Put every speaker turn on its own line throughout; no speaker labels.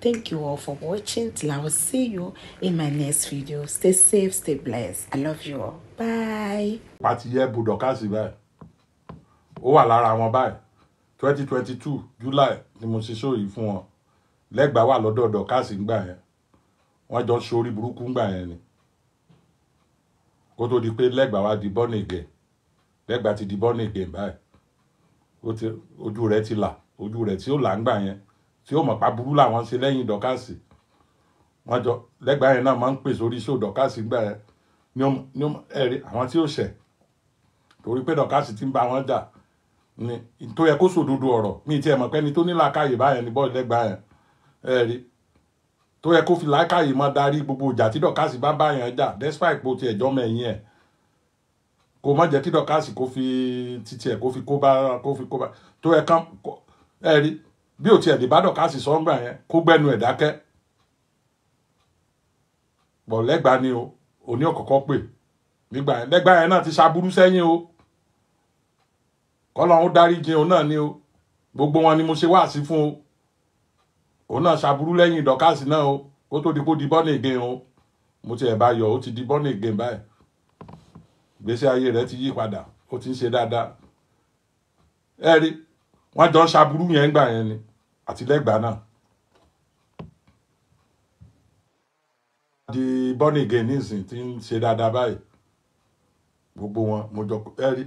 Thank you all for watching. Till I will see you in my next video. Stay safe, stay blessed. I love you all. Bye. Pàtí yẹ Bùdọ̀kásì báyìí. Ó wà lára wọn báyìí. Twenty twenty two July ni mo ṣe ṣó yìí fún wọn. Lẹ́gbàá wà lọ́dọ̀ Dọ̀kásì ńgbà yẹn. Wọ́n jọ ń ṣorí burúkú ńgbà yẹn ni. Kó tó di pé Lẹ́gbàá wa di bọ́ọ̀nì gẹ̀. Lẹ́gbàá ti di bọ́ọ̀nì gẹ̀ báyìí. Ojú rẹ̀ ti la. Oju re ti ó là ńgbà yẹn tí ó mọ̀ pa burú làwọn ṣe lẹ́yìn dọ́kàsì wọ́n jọ lẹ́gbàá yẹn náà máa ń pè sórí dọ́kàsì gbà ẹ́ ní ẹ̀rí àwọn tí ó ṣẹ̀ torí pé dọ́kàsì ti ń bá wọn jà ni tó yẹ kó sòdodo ọ̀rọ̀ mi ti ẹ̀ mọ̀ pẹ́ni tó ní làákàyè báyẹn ní bọ́ọ̀lù lẹ́gbàá yẹn ẹ̀rí tó yẹ kó fi làákàyè máa darí gbogbo ìjà tí dọ́kàsì bá báyẹn jà despite po ti ẹ̀jọ́ mẹ́yìn ẹ̀ kò má jẹ́ kí dọ́kàsì kó fi titi ẹ̀ kó fi kó bá kó fi kó bá tó yẹ kán ẹ̀rí bí ò tiẹ̀ dìbádọ̀ ká sì sọ́ngbà yẹn kó gbẹ́nu ẹ̀ dákẹ́ bọ̀ lẹ́gbàá ni o òní ọ̀kọ̀ọ̀kọ̀ pè nígbà yẹn lẹ́gbàá yẹn náà ti ṣaburú sẹ́yìn o kọ́lọ́hún dáríjì o náà ni o gbogbo wọn ni mo ṣe wáàsí fún o òun náà ṣaburú lẹ́yìn ìdọ̀kásì náà o kó tó di kó di bọ́ọ̀nì again o mo ti ẹ̀ bá yọ o ti di bọ́ọ̀nì again báyìí gbèsè ayé rẹ ti yí padà ó ti ń ṣe dáadáa ẹ rí wọn jọ ṣaburú yẹn gbà yẹn ni àti lẹ́gbàá náà. di born again nísìnyí tí ń ṣe dáadáa báyìí gbogbo wọn mo jọ ẹ rí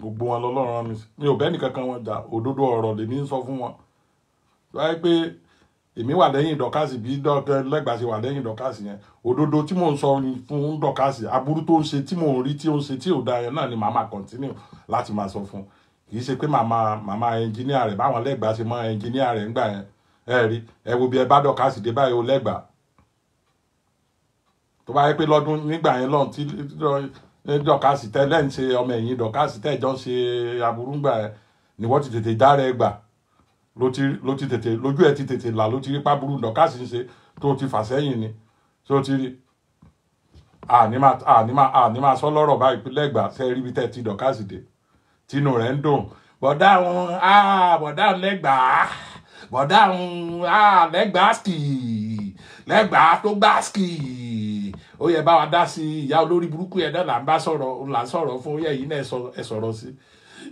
gbogbo wọn lọ́lọ́run mi mi ò bẹ́ẹ̀ nìkan kan wọn jà òdodo ọ̀rọ̀ lèmi ń sọ fún wọn wáyé pé èmi wà lẹ́yìn dọ́kásì bí lẹ́gbàá ṣe wà lẹ́yìn dọ́kásì yẹn òdodo tí mò ń sọ fún dọ́kásì aburú tó ń ṣe tí mò ń rí tí ó ń ṣe tí ò da yẹn náà ni màá máa kọ̀ntínú láti máa sọ fún un kì í ṣe pé màmá màmá ẹnjìníà rẹ̀ báwọn lẹ́gbàá ṣe mọ ẹnjìníà rẹ̀ ńgbà yẹn ẹ rí ẹ wo bí ẹ bá dọ̀ka sì dé báyìí ó lẹ́gbàá tó bá yẹ pé lọ́dún nígbà yẹn lọ́n tí dọ̀ka sì tẹ́ lẹ́yìn ṣe ọmọ ẹ̀yìn dọ̀ka sì tẹ́ ìjọ ṣe aburú ńgbà yẹn ni wọ́n ti tètè dára ẹ gbà ló ti tètè lójú ẹ ti tètè là ló ti rí pábúrú dọ̀ka sì ń ṣe tó ti fà sẹ́yìn ni tó ti rí àní máa sọ lọ́rọ̀ báyìí lẹ́gbàá sẹ́ẹ̀rí bí tẹ́ ti dọ̀ka sì dé tínú rẹ̀ ń dùn bọ̀dá àwọn ah, bọ̀dá àwọn lẹ́gbàá bọ̀dá àwọn ah, lẹ́gbàá skì lẹ́gbàá tó gbá skì ó yẹ bá wa dá sí ìyá olórí burúkú yẹn náà là ń bá sọ̀rọ̀ là ń sọ̀rọ̀ fún ó yìí náà ẹ sọ̀rọ̀ sí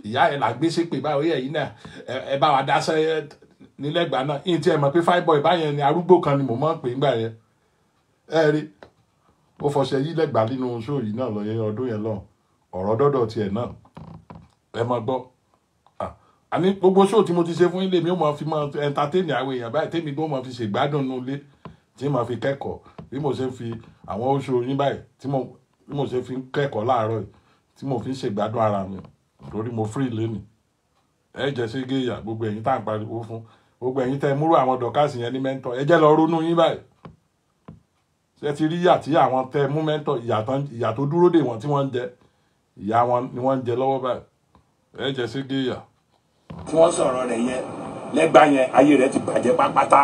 ìyá ẹ̀ là gbé ṣépè báyìí ó yìí náà ẹ bá wa dá sẹ́yẹ nílẹ̀gbà náà yìí tí ẹ mọ̀ pé fáìbọ̀ ìbáyẹn ni arúgbó kan ni mo máa ń pè ńgbà yẹn ẹ rí ó fọṣẹ yí lẹ́gbàá nínú ṣó yìí náà lọ yẹn ọdún yẹn lọ ọ̀rọ̀ dọ́dọ̀ tiẹ̀ náà ẹ máa gbọ́ àní ah, gbogbo ṣóò tí mo ti ṣe fún ilé mi ó máa fi máa entertain àwọn èèyàn báyìí tèmi gbọ́ máa fi ṣègbádùn nínú ilé tí màá fi kẹ́kọ̀ọ́ bí mo ṣe fi àwọn oṣù yín báyìí tí mo bí mo ṣe fi kẹ́kọ̀ọ́ láàárọ̀ yìí tí mo fi ń ṣègbádùn ara mi torí mo free lẹ́nu ẹ jẹ́ sí géèyà gbogbo ẹ̀yin tá à ń pariwo fún gbogbo ẹ̀yin tẹ́ múrò àwọn dọ̀kásì yẹn ní mẹ́ńtọ̀ ẹ jẹ́ lọ ronú yín báyìí ṣe ti rí ìyà tí àwọn tẹ́ mú mẹ́ńtọ̀ ìyà tó dúró dè wọ́n tí wọ́n ń jẹ ìyà wọn ni wọ́n ń jẹ lọ́wọ́ báyìí ẹ jẹ sí géyà. tí wọ́n sọ̀rọ̀ rẹ̀ yẹn lẹ́gbà yẹn ayé rẹ̀ ti bàjẹ́ pápátá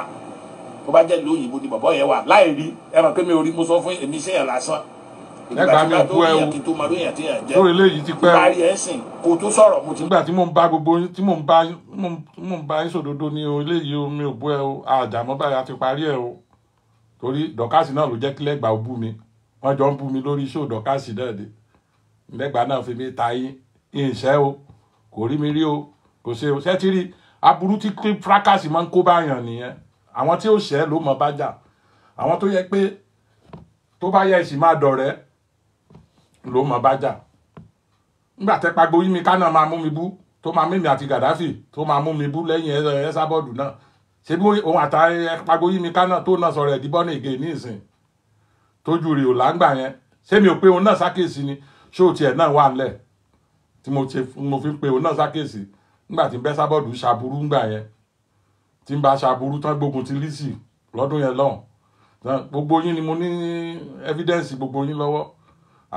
tó bá jẹ́ ìlú òyìnbó ni bọ̀bọ̀ yẹn wà láì rí ẹ mọ̀ pé mi ò rí mo sọ fún èmi iṣẹ́ yẹn lásán nígbà tí mo bú ẹ o lórí eléyìí ti pẹ́ o nígbà tí mo ń bá gbogbo tí mo ń bá mo ń bá ìṣòdodo ní o eléyìí o mi ò bú ẹ o àjàmọ́ báyìí a ti parí ẹ o torí dọ́kásì náà ló jẹ́ kí lẹ́gbà ó bú mi wọ́n jọ ń bú mi lórí iṣẹ́ òdọ́kásì náà ni lẹ́gbà náà fi mi ta yín ìṣẹ́ o kò rí mi rí o kò ṣe o ṣe ti rí aburú tí fracas máa ń kó báyàn nìyẹn àwọn tí ó ṣẹ́ ló mọ bá jà àwọn tó yẹ pé tó bá yẹ ìsì máa dọ̀rẹ́ ló mọ bá jà nígbà tẹ́ pagbo yí mi kánà máa mú mi bú tó máa mímì àti Gaddafi tó máa mú mi bú lẹ́yìn ẹ̀ẹ́sà bọ́ọ̀dù náà ṣé bí òun àtàrí pagbo yí mi kánà tó náà sọ̀rọ̀ ẹ̀díbọ́ ní ègè ní ìsìn tójú rè ò láǹgbà yẹn ṣé mi ò pé òun náà sákèsí ni ṣó tiẹ̀ náà wà ńlẹ̀ tí mo ṣe mo fi pe òun náà ṣàkíyèsí nígbà tí bẹ́ sábọ́ọ̀dù ṣàbúrú ńgbà yẹn tí ń bá ṣàbúrú tán gbógun ti Lizzy lọ́dún yẹn lọ́hùn gbogbo yín ni mo ní evidence gbogbo yín lọ́wọ́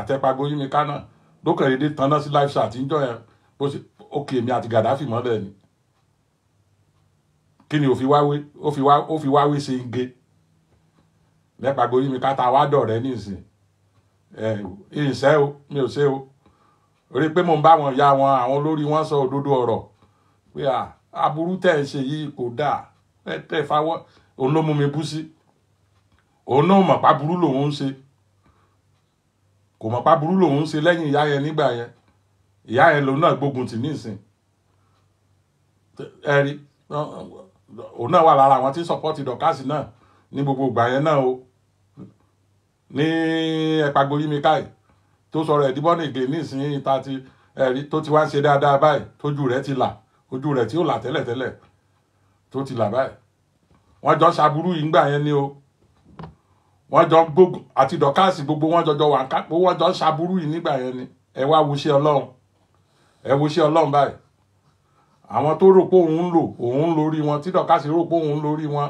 àtẹ̀pàgbó yín mi kánà lókè èdè tanná sí live chat ń jọ yẹn bó ṣe òkè mi àti Gaddafi mọ́lẹ̀ ni kí ni ó fi wáwé ó fi wá ó fi wáwé ṣe ń ge lẹ́pàgbó yín mi ká ta wá dọ̀rẹ́ nísìn ẹ̀ ìṣẹ́ o mi ò ṣe o orí pé mò ń bá wọn ya wọn àwọn olórí wọn sọ òdodo ọ̀rọ̀ pé à aburú tẹ̀ ń ṣe yìí kò dáa ẹ tẹ̀ fáwọ́ òun ló mú mi bú sí òun náà mọ̀ paburú lòun ń ṣe kò mọ̀ paburú lòun ń ṣe lẹ́yìn ìyá yẹn nígbà yẹn ìyá yẹn lòun náà gbógun tì nísìn ẹ rí òun náà wà lára àwọn tí sọpọ́tì dọ̀kásì náà ní gbogbo ìgbà yẹn náà o ní ẹ̀pàgbóyí mi káyìí tó sọ̀rọ̀ ẹ̀dí bọ́nà ìgbè nísìnyí ta ti ẹ̀rí tó ti wá ń ṣe dáadáa báyìí tójú rẹ̀ ti là ojú rẹ̀ tí ó là tẹ́lẹ̀tẹ́lẹ̀ tó ti là báyìí wọ́n jọ ṣaburú yìí ńgbà yẹn ni o wọ́n jọ gbogbo àti dọ̀káàsì gbogbo wọ́n jọjọ wà kápò wọ́n jọ ṣaburú yìí nígbà yẹn ni ẹ wá wuṣẹ́ ọlọ́run ẹ wuṣẹ́ ọlọ́run báyìí àwọn tó rò pé òun ń lò òun lórí wọn tí dọ̀káàsì rò pé òun lórí wọn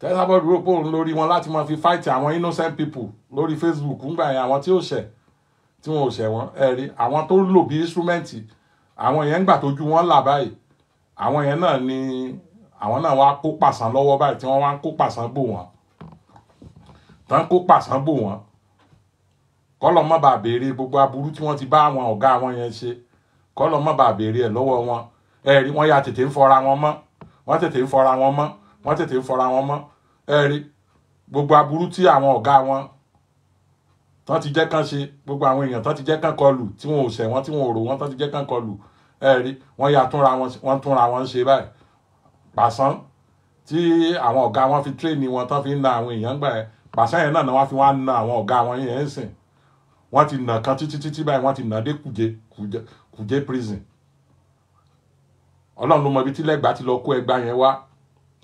tẹ́sábọ́ọ̀dù rò pé òun lórí wọn láti máa fi fáìtì àwọn innocent people lórí Facebook ńgbà yẹn àwọn tí ó ṣẹ̀ tí wọn ò ṣẹ̀ wọ́n ẹ rí àwọn tó lò bí instrument àwọn yẹn ń gbà tójú wọn là báyìí àwọn yẹn náà ni àwọn náà wá kó pàṣán lọ́wọ́ báyìí tí wọ́n wá ń kó pàṣán bò wọ́n tán kó pàṣán bò wọ́n kọ́lọ́ mọ́ bá béèrè gbogbo aburú tí wọ́n ti bá àwọn ọ̀gá wọn yẹn ṣe kọ́lọ́ mọ́ bá béèrè ẹ̀ lọ́wọ́ wọn ẹ rí wọ́n tètè ń fọra wọn mọ́ wọ́n tètè ń fọra wọn mọ́ wọ́n tètè ń fọra wọn mọ́ ẹ gbogbo aburú tí àwọn ọ̀gá wọn tán ti jẹ́ kán ṣe gbogbo àwọn èèyàn tán ti jẹ́ kán kọlù tí wọn ò ṣẹ̀ wọ́n tí wọn ò rò wọ́n tán ti jẹ́ kán kọlù ẹ rí wọ́n ya túnra wọn wọ́n túnra wọn ṣe báyìí pàṣán tí àwọn ọ̀gá wọn fi tírèènì wọn tán fi ń na àwọn èèyàn gbà ẹ pàṣán yẹn náà ni wọ́n fi wá na àwọn ọ̀gá wọn yẹn ń sìn wọ́n ti nà kan títí títí báyìí wọ́n ti nà dé kùjé kùjé kùjé prison ọlọ́run ló mọ ibi tí lẹ́gbàá ti lọ kó ẹgbà yẹn wá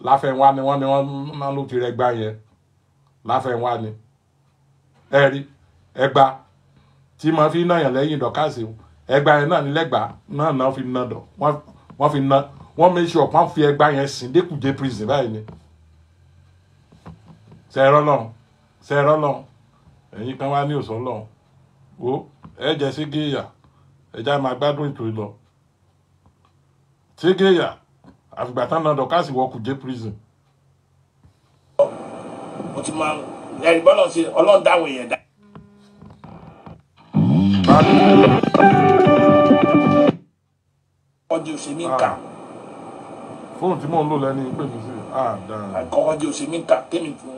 láfẹ̀wá ni wọ́n ni wọ́n ló ti rẹgbà yẹn láfẹ̀wá ni ẹ rí ẹgba tí ma fi náà yàn lẹ́yìn dọ̀kásì ẹgba yẹn náà ní lẹ́gba náà náà fi ná dọ̀ wọ́n fi ná wọ́n make sure pọ́n fi ẹgba yẹn sìn dékùjé prison báyìí ni sẹ́rọ́ lọ́n sẹ́rọ́ lọ́n ẹ̀yin kan wá ní òsán lọ́n wo ẹ jẹ́ sígéyà ẹja máa gbádùn ètò ìlọ sígéyà àfìgbà tán náà dọ̀kásì wọ kùjé prison. mo ti máa ẹ̀rí bọ́lọ̀ sí ọlọ́run dáwọn èèyàn kọ́jú ṣe mí kà. fóònù tí mò ń lò lẹ́ni pè mí sí i. Ah, ah, kọ́jú ṣe mí kà kémi fún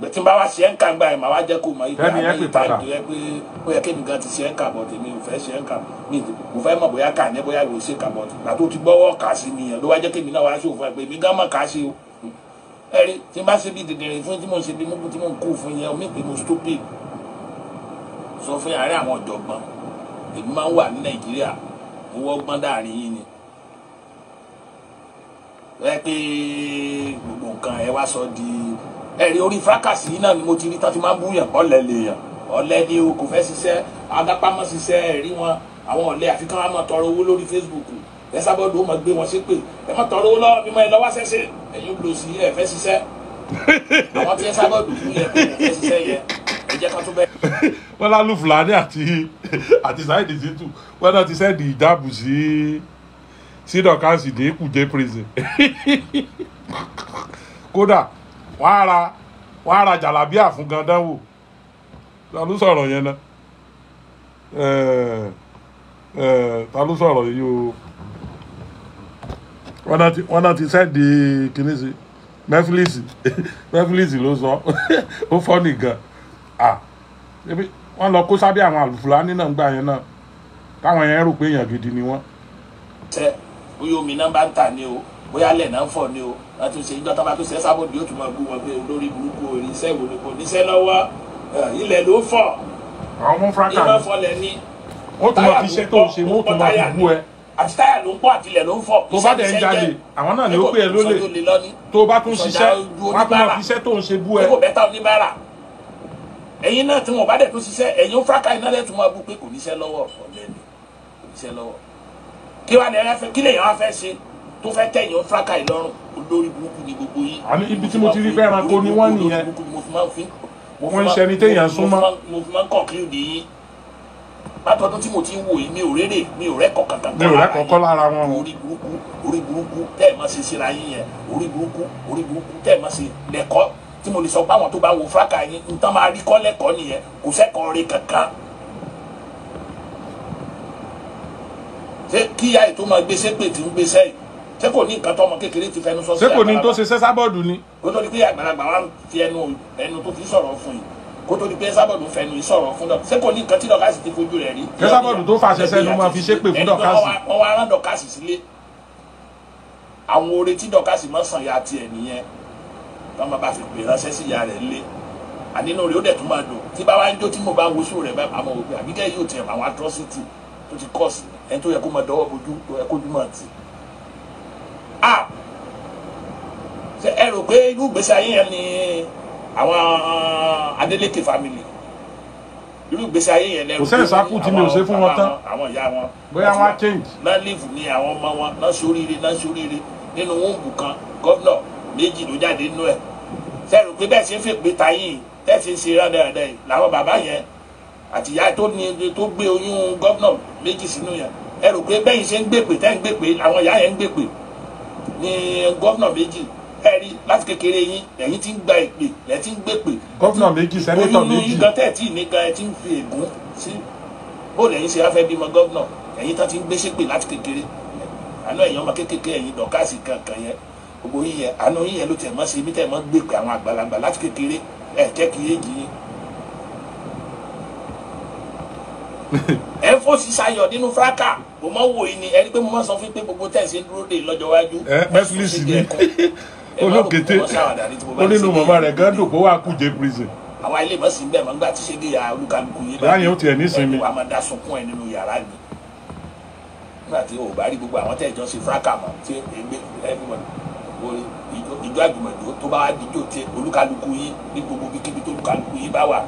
bẹ̀tí bá wa ṣe ń kà gba ẹ̀ máa wá jẹ́ kó mọ ibi àmì ìta ìdò yẹ pé ó yẹ kémi gan ti ṣe ń kà bọ̀ tèmi ò fẹ́ ṣe ń kà mí mo fẹ́ mọ̀ bóyá kà ní bóyá ìwé ṣe kà bọ̀ tìgbà tó ti gbọ́wọ́ kà sí mi yẹn ló wá jẹ́ kémi náà wá ṣe òfin àgbẹ̀ mi gán mọ̀ kà sí o ẹ̀rí tí n bá ṣe bí dèdèrè fún tí mo ṣe bí mo kú fún yẹn omi pé mo stupid sọ fún yàrá àwọn ọ̀jọ̀gbọ́n èmi máa ń wà ní nàìjíríà mo wọ́gbọ́n dáàrin yín ni ẹ pé gbogbo nǹkan ẹ wá sọ di ẹ̀rí orí fákàsì yìí náà ni mo ti rí tán ti máa ń búyàn ọ̀lẹ́ lèèyàn ọ̀lẹ́ ni o kò fẹ́ ṣiṣẹ́ adápámọ́ ṣiṣẹ́ ẹ̀rí wọn àwọn ọ̀lẹ́ àfikún wa máa tọrọ owó lórí Facebook ẹ sábọ́dọ̀ ó máa gbé wọn ṣépè ẹ máa tọrọ owó lọ́wọ́ mímọ́ ẹ lọ́wọ́ ṣẹ́ṣẹ́ ẹ̀yin gbòòsì ẹ fẹ́ ṣiṣẹ́ àwọn tí ẹ sábọ́dọ̀ fún yẹ fẹ́ ṣiṣẹ́ yẹ jẹ́ ká tó bẹ́ẹ̀. wọ́n lálù fúlàní àti àti sáyẹ̀dì sítù wọ́n náà ti sẹ́ẹ̀dì ìjáàbù sí sídọ̀ káàsì ní kùjẹ́ prison kódà wọ́n á ra wọ́n á ra jàlábíà fún gandan wò ta ló sọ̀rọ̀ yẹn náà ta ló sọ̀rọ̀ yìí o wọ́n náà ti sẹ́ẹ̀dì kìnìún sí mẹ́fílìsì mẹ́fílìsì ló sọ ó fọ́ nìkan. Ah, ebi wọ́n lọ kó sábẹ́ àwọn Fúlàní náà gbà yẹn náà táwọn yẹn rò pé èèyàn gidi ni wọ́n. ṣe bóyá omi náà bá ń tà ní o bóyá alẹ̀ náà ń fọ̀ ní o láti ṣe ìjọ tó ṣe sábòdì yóò tún máa bú wọn pé olórí burúkú oníṣẹ́ ìwò kò níṣẹ́ lọ́wọ́ ilẹ̀ ló fọ̀ ìmọ̀ fọlẹ̀ ni wọ́n tún máa tó ṣe wọ́n tún máa àti táyà ló ń pọ̀ àtilẹ̀ ló ń fọ̀. tó bá dẹ̀ ń jalè àwọn náà ni ó pè é lólè tó bá tún ṣiṣẹ́ wọ́n tún máa fi tó ń ṣe bú ẹ. ẹ kò bẹ́tà oníbàárà ẹ̀yin náà tí wọn bá dẹ̀ tó ṣiṣẹ́ ẹ̀yin fúráká iná lẹ́tù máa bú pé kò níṣẹ́ lọ́wọ́ ọ̀lẹ́ni kò níṣẹ́ lọ́wọ́ kí wàá lè fẹ́ kí lèèyàn á fẹ́ ṣe tó fẹ́ tẹ̀yìn fúráká ìlọrùn olórí burúkú ni gbogbo yìí. àmì ibi tí mo ti rí fẹ́ràn kó ni wọ́n nìyẹn wọ́n ń ṣẹni téèyàn súnmọ́. mo fi máa ń kọ̀kílùdì yín látọdún tí mo ti ń wò yìí mi ò rérè mi ò rẹ́kọ̀ kankan kan lára yín orí burúkú orí burúkú tẹ́ẹ̀ máa ṣe síra yín yẹn orí burúkú orí burúkú tẹ́ẹ̀ máa ṣe lẹ́kọ̀ọ́ tí mo lè sọ pé àwọn tó bá wo fúráka yín nǹkan máa rí kọ́ lẹ́kọ̀ọ́ nìyẹn kò sẹ́kọ̀ọ́ rí kankan. ṣé kíyà ètò máa gbé sépè tí ń gbé sẹ́yìn ṣé kò ní nǹkan tó ọmọ kékeré ti fẹnu sọ sí àgbàlagbà ṣé kò ní tó ṣe sẹ́sábọ́ọ̀dù ni. kó tó di pé àgbàlagbà wa fi ẹnu ẹnu tó fi sọ̀rọ̀ fún yìí kó tó di pé sábọ̀dù fẹnu yìí sọ̀rọ̀ fún dọ̀kà ṣé kò ní nǹkan tí dọ̀kàsì ti fojú rẹ̀ rí. ṣé sábọ̀dù tó fàṣẹ sẹ́nu máa fi ṣépè fún dọ̀kàsì. wọ́n wá rán dọ̀kàsì sílé àwọn oore tí dọ̀kàsì máa sàn ya tiẹ̀ nìyẹn wọn máa bá fi pè ránṣẹ́ sí ìyá rẹ̀ lé ànínú rẹ̀ ó dẹ̀ tún máa dùn tí bá wá ń jó tí mo bá ń woṣù rẹ̀ àmọ́ òpè àbíkẹ́ yóò tẹ̀ àwọn atrocity tó ti kọ́ọ̀sì ẹni tó yẹ kó máa dọwọ́ bojú tó yẹ kójú máa tì. a ṣe ẹ rò pé irú ìgbésí ayé yẹn ni àwọn Adeleke family irú ìgbésí ayé yẹn lẹ́rù pé àwọn ìyá wọn bóyá wọn á change. náà live ni àwọn ọmọ wọn náà ṣoríire náà ṣoríire nínú wọn bù kan gọ́dọ̀ méjì ló jáde nínú ẹ̀ sẹ́rù pé bẹ́ẹ̀ ṣe ń fèpè ta yìí tẹ́sí ń ṣe rádàrádà yìí làwọn bàbá yẹn àtìyá tó ní tó gbé oyún gọ́vnọ̀ méjì sínú yẹn ẹrù pé bẹ́yìn ṣe ń gbèpè tẹ́ ń gbèpè àwọn ìyá yẹn ń gbèpè ní gọ́vnọ̀ méjì ẹ rí láti kékeré yín ẹ̀yin ti ń gba ìpè ẹ̀ ti ń gbèpè. gọ́vnọ̀ méjì sẹ́nẹ́tọ̀ méjì oyún gan tẹ́ẹ̀tì nìkan ẹ ti ń fi ègún sí bóòlù ẹ̀yin ṣe afẹ́ bímọ gọ́vnọ̀ ẹ̀yin tán ti ń gbé láti kékeré àná ẹ̀yin ọmọ kékeré ẹ̀yin dọ̀kásì kankan yẹn gbogbo yíyẹ àánú yíyẹ ló tẹ̀ mọ́ sí ibi tẹ̀ mọ́ gbé pé àwọn àgbàlagbà láti kékeré ẹ̀ jẹ́ kí éjì yín. ẹ fò sí sayọ nínú fúráká mo máa ń wò yín ni ẹni pé mo máa sọ fún pé gbogbo tẹ̀sí dúró dé lọ́jọ́ iwájú. ẹ netflix ni olókété onínú mọ̀mọ́ rẹ̀ gan dùn kó wà kújẹ prison. àwa ilé ìmọ̀sí ń bẹ̀ mọ́ nígbà tí ṣe dé yàrá olúkálùkù yìí báyìí ó tiẹ̀ nísinmi ẹni wàá sunkún ẹ nínú yàrá mi nígbà tí o ò bá rí gbogbo àwọn tẹ̀jọ́ sí fúráká mọ́ tí everybody ìjọ àjùmọ̀jọ tó bá wá díjọ tí olúkálukú yín ní gbogbo kíkíbi tó olúkálukú yín bá wà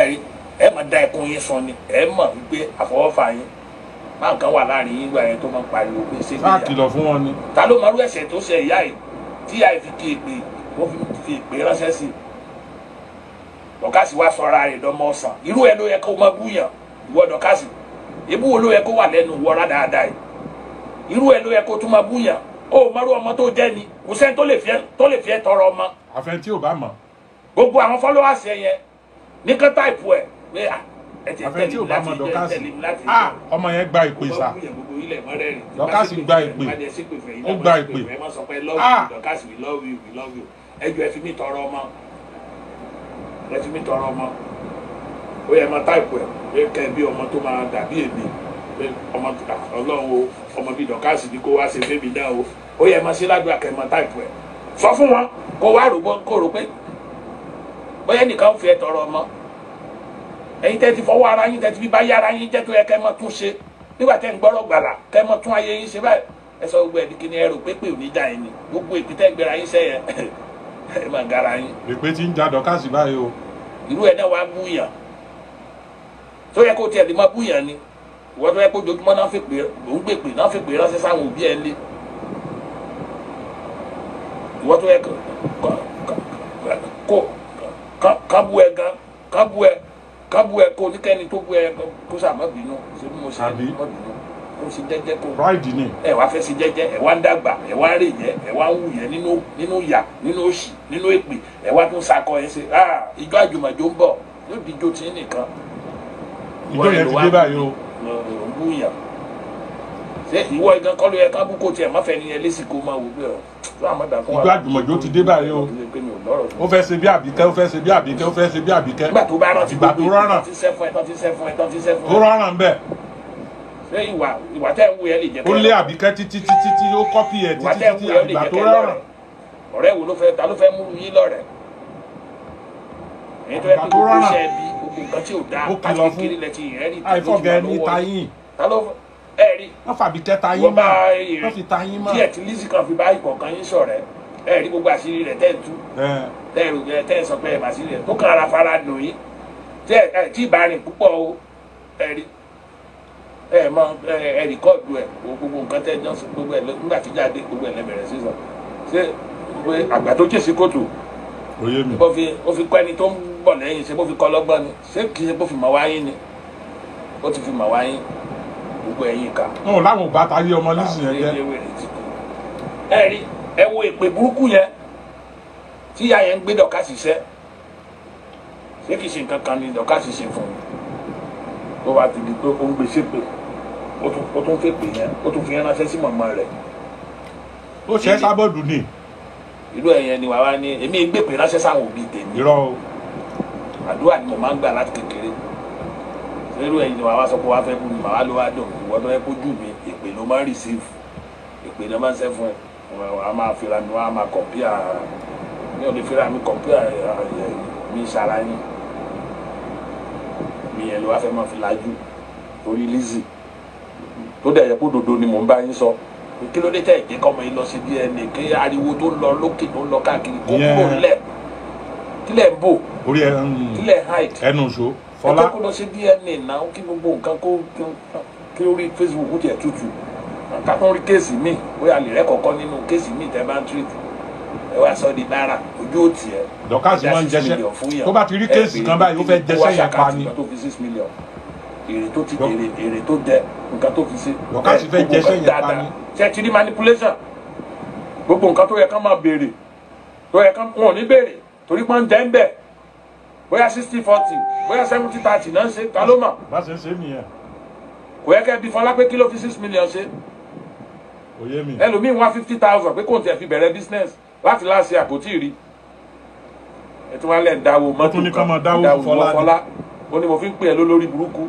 ẹ̀rí ẹ mọ̀ dá ẹkún yín sọ ni ẹ mọ̀ wípé àfọwọ́fà yín máa nǹkan wà láàrin yín gbà yẹn tó máa ń pariwo pé ṣé ìyá kìlọ̀ fún wọn ni. ta ló mọrú ẹ̀ṣẹ̀ tó ṣe ìyá yìí tí ìyá yìí fi kí èpè wọ́n fi fi èpè ránṣẹ́ sí i dọ̀kásì wá sọra rẹ̀ dọ́mọ ọ̀sán irú ẹ ló yẹ kó máa búyàn ìwọ dọ̀kásì ibú wo ló yẹ kó wà lẹ́nu wọ́ra dáadáa yìí irú ẹ ló yẹ kó tún máa búyàn o ò mọrú ọmọ tó jẹ́ ni kò sẹ́ni tó lè fi ẹ́ tó lè fi ẹ́ tọrọ ọmọ. àfẹn tí ò bá mọ̀. gbogbo àwọn followers ẹ yẹn ní kán táìpù ẹ pé ah, àfẹn tí ò bá mọ̀ dọ́kásì ah ọmọ yẹn gba ìpè sá dọ́kásì gba ìpè ó gba ìpè ah dọ́kásì we love you we love you ẹjọ ẹ fi mi tọrọ ọmọ ẹ fi mi tọrọ ọmọ ó yẹ máa táìpù ẹ pé kẹ́ ẹ bí ọmọ tó máa dàbí èmi ọmọ ah, ọlọ́run o ọmọ bíi dọ̀kásì ni kó wá ṣe fẹ́mi náà o ó yẹ máa ṣe ládùúgbò àkẹ́mọ́ táìpù ẹ̀ sọ fún wọn kó wá rògbò kó rò pé bóyá nìkan fi ẹ̀ tọrọ ọmọ ẹ̀yin tẹ́ ti fọwọ́ ara yín tẹ́ ti fi bá yára yín jẹ́ tó yẹ kẹ́ mọ́ tún ṣe nígbà tẹ́ ń gbọ́rọ̀ gbàlà kẹ́ mọ́ tún ayé yín ṣe báyìí ẹ sọ gbogbo ẹ̀dínkì ni ẹ rò pé pé ò ní dà yín ni gbogbo èpè tẹ́ gbéra yín sẹ́yẹ ẹ máa gara yín. èpè ti ń ja dọ́kásì báyìí o. irú ẹ̀ náà wàá búyàn tó yẹ kó tiẹ̀ lè má búyàn ni ìwọ́n tó yẹ kó dojúmọ́ náà fèpè òun gbèpè náà fèpè ránṣẹ́ sáwọn òbí ẹ lé ìwọ́n tó yẹ kó kábù ẹ gan kábù ẹ kábù ẹ kó oníkẹ́ni tó bu ẹ kó sà má bínú ṣé bí mo se má bínú kó ṣe jẹ́jẹ́ kó ẹ wá fẹ́ ṣe jẹ́jẹ́ ẹ wá ń dàgbà ẹ wá ń rè yẹ ẹ wá ń wù yẹ nínú nínú yà nínú òṣì nínú èpè ẹ wá tún sakọ ẹ ah ìjọ àjùmọ̀jọ ń bọ̀ yóò di jo tí nìkan. ìjọ yẹn ti dé báyìí o. ọ̀ ọ̀ ń ṣé ìwọ igan kọ́ ló yẹ ká bú kó tiẹ̀ má fẹ́ ni ẹlẹ́sì kó máa wò pé ọ tó àmọ́ ìgbà kan wà. ìgbà àjùmọ̀jó ti dé báyìí o ó fẹ́ ṣe bí àbíkẹ́ ó fẹ́ ṣe bí àbíkẹ́ ó fẹ́ ṣe bí àbíkẹ́ ìgbà tó bá rán ti gbàgbé tó ti sẹ́ fún ẹ tó ti sẹ́ fún ẹ tó ti sẹ́ fún ẹ. ó rọrùn ń ṣé ìwà ìwà tẹ́ ń wù yẹn lè jẹ́ kẹ́lọ́. ó lé àbíkẹ́ títí títí tí ó kọ́pì ẹ̀ títí títí àgbà tó rọrùn. ọ̀rẹ́ wo ló fẹ́ ta ló fẹ́ mú yín lọ́rẹ̀. èyí tó ẹ̀rí wọ́n fàbí tẹ́ta yín mọ́ wọ́n fi ta yín mọ́ díẹ̀ tí Lizzy kan fi bá ìkọ̀ọ̀kan yín sọ̀rẹ́ ẹ̀rí gbogbo àṣírí rẹ̀ tẹ́ ń tú tẹ́ẹ̀rù jẹ tẹ́ ń sọ pé ẹ̀bà sílẹ̀ tó kan ara fara dùn yín tẹ́ ẹ̀ tí ìbárin púpọ̀ o ẹ̀rí ẹ̀ mọ ẹ̀ rìkọ́ọ̀dù ẹ̀ gbogbo nǹkan tẹ́ jọ sí gbogbo ẹ̀ nígbà tí jáde gbogbo ẹ̀ lẹ́bẹ̀rẹ̀ sísọ ṣé gbogbo àgbà tó jèsí kòtò ó fi kọ́ ẹni tó ń bọ̀ lẹ́yìn ṣé bó fi kọ́ lọ́gbọ́n ni ṣé kì í ṣe bó fi mọ̀ wáyé ni ó ti fi mọ̀ wáyé gbogbo ẹ̀yin kà. náà láwọn ò bá ta yé ọmọ nísìnyẹn ah, jẹ. ẹ rí ẹ wo èpè burúkú yẹn tí ìyá yẹn ń gbé dọ̀ka ṣiṣẹ́ ṣé kìí ṣe nǹkan kan ni dọ̀ka ṣiṣẹ́ fún un tó bá ti di pé ó ń gbé ṣépè ó tún fẹ́ pè yẹn ó tún fi yẹn ránṣẹ́ sí màmá rẹ̀. ó ṣe é sábọ̀dù ni. irú ẹ̀yẹn ni wàá wá ní èmi ń gbèpè ránṣẹ́ sáwọn òbí tèmi. irọ́ o. àdúrà ni mo máa ń gbà láti kékeré rírò ẹ̀yin ni wàá wá sọ pé wàá fẹ́ bú mi màá ló wá dùn ìwọ tó yẹ kó jù mí èpè ló máa ń receive èpè ló máa ń sẹ́ fún ẹ wàá máa fira mi wàá máa kọ̀mpíà mi ò lè fira mi kọ̀mpíà mi ṣara yín mi yẹn ló wá fẹ́ máa fi lajú torí Lizzy tó dẹ̀ yẹ kó dodo ni mò ń bá yín sọ kí ló dé tẹ̀ jẹ́ kọ́mọ yín lọ sí DNA kí ariwo tó lọ lókè tó lọ káàkiri kó kúrò lẹ̀ kílẹ̀ ń bò kílẹ̀ mm, hide ẹnu fọlá ẹ jẹ́ kó lọ sí DNA náà kí gbogbo nǹkan kó kí orí Facebook ó tiẹ̀ tutù ká tó rí kéèsì míì bóyá lè rẹ́ kọ̀ọ̀kan nínú kéèsì míì tẹ́ bá ń tírìtì ẹ wá sọ di náírà ojú ò tiẹ̀ dọ́kàsì máa ń jẹsẹ́ tó bá ti rí kéèsì kan báyìí ó fẹ́ jẹsẹ́ yẹn pa ni èrè tó ti èrè èrè tó jẹ nǹkan tó fi ṣe dọ́kàsì fẹ́ jẹsẹ́ yẹn pa ni ṣe ti rí manipulation gbogbo nǹkan tó yẹ ká máa béèrè tó yẹ ká wọn ò ní béèrè torí pé ń jẹ́ bóyá sixty forty bóyá seventy thirty náà ń ṣe ta ló mọ̀. bá ṣe ṣe nìyẹn. kò yẹ kẹ́ bí fọlá pé kí ló fi six million ṣe. kò yé mi. ẹlòmíín wá fifty thousand pé kò tiẹ̀ fi bẹ̀rẹ̀ business láti láṣẹ àpótí rí. ẹ tún wá lẹ̀ ń dáwó mọ́tò kan dáwó mọ́ fọlá ó ní mo fi ń pè ẹ́ lólórí burúkú.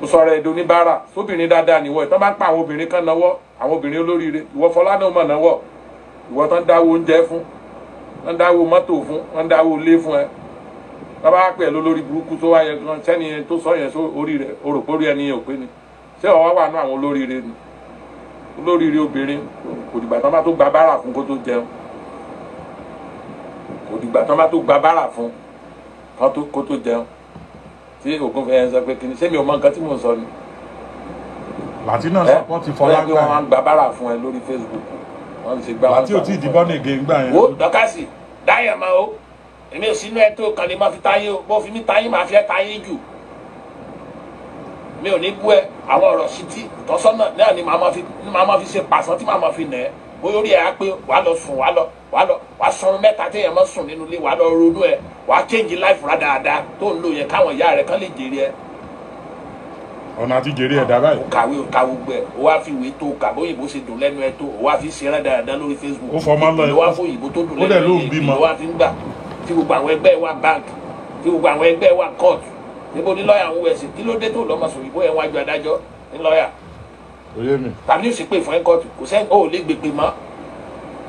mo sọ̀rọ̀ èdè oníbàárà sóbìnrin dáadáa nìwọ ìtàn bá ń pa àwọn obìnrin kan náwó àwọn obìnrin olóríire ìwọ fọlá náà mọ̀ náwó ìwọ tán dáwó oúnjẹ fún wọ́n dáwó mọ́tò fún wọ́n dáwó ilé fún ẹ wọ́n bá lólórí burúkú tó wáyé kan sẹ́ni tó sọ yẹn sórí rẹ̀ orògbórí ẹni yẹn ò pé ni ṣé ọ̀wá wà nú àwọn olóríire ni olóríire obìnrin kò dìgbà tán bá tó gba bára fún kó tó jẹun kò dìgbà tán bá tó gba bára fún kó tó jẹun tí ògùn fẹ́ yẹn sọ pé kìnìún ṣé mi mọ nǹkan tí mò ń sọ ni. latina support Fọláńgbà ẹ ẹ pé wọn gba bára fún ẹ lórí Facebook wọ́n ti gbá wọn òtí ìdìbò nìgè ń gbà yẹn. wo dọ́kásì dáyọ̀ máa o èmi ò sínú ẹ tó kàn lè fi táyé o bó fi mí táyé máa fi ẹ táyé jù mi ò ní bú ẹ àwọn ọ̀rọ̀ sí tí náà ni màá máa fi ṣe pàṣán tí màá máa fi nà ẹ́ bóyá orí ẹ̀ á pé wàá lọ sùn wàá lọ wàá lọ wàá sọrun mẹ́ta tí èèyàn máa sùn nínú ilé wàá lọ ronú ẹ wàá change life rà dáadáa tó ń lò yẹn káwọn ìyá rẹ kán lè jèrè ẹ ọ̀nà àti jèrè ẹ̀dá báyìí. o kàwé o kàwé gbẹ o wá fi ìwé tó kà bóyè bó ṣe dùn lẹ́nu ẹ tó o wá fi ṣe rán dáadáa lórí Facebook. o fọmọ lọ ẹ o wá fún òyìnbó tó dùn lẹ́nu ẹ o wá fi ń gbà fi gbogbo àwọn ẹgbẹ́ wa bank fi gbogbo àwọn ẹgbẹ́ wa court níbo ní lọ́ọ̀yà ń wẹ̀ sí kí ló dé tó lọ́mọ sọ òyìnbó yẹn wájú adájọ́ ní lọ́ọ̀yà. oyè mi. tàbí o sì pè fún ẹ o ò lè gbègbè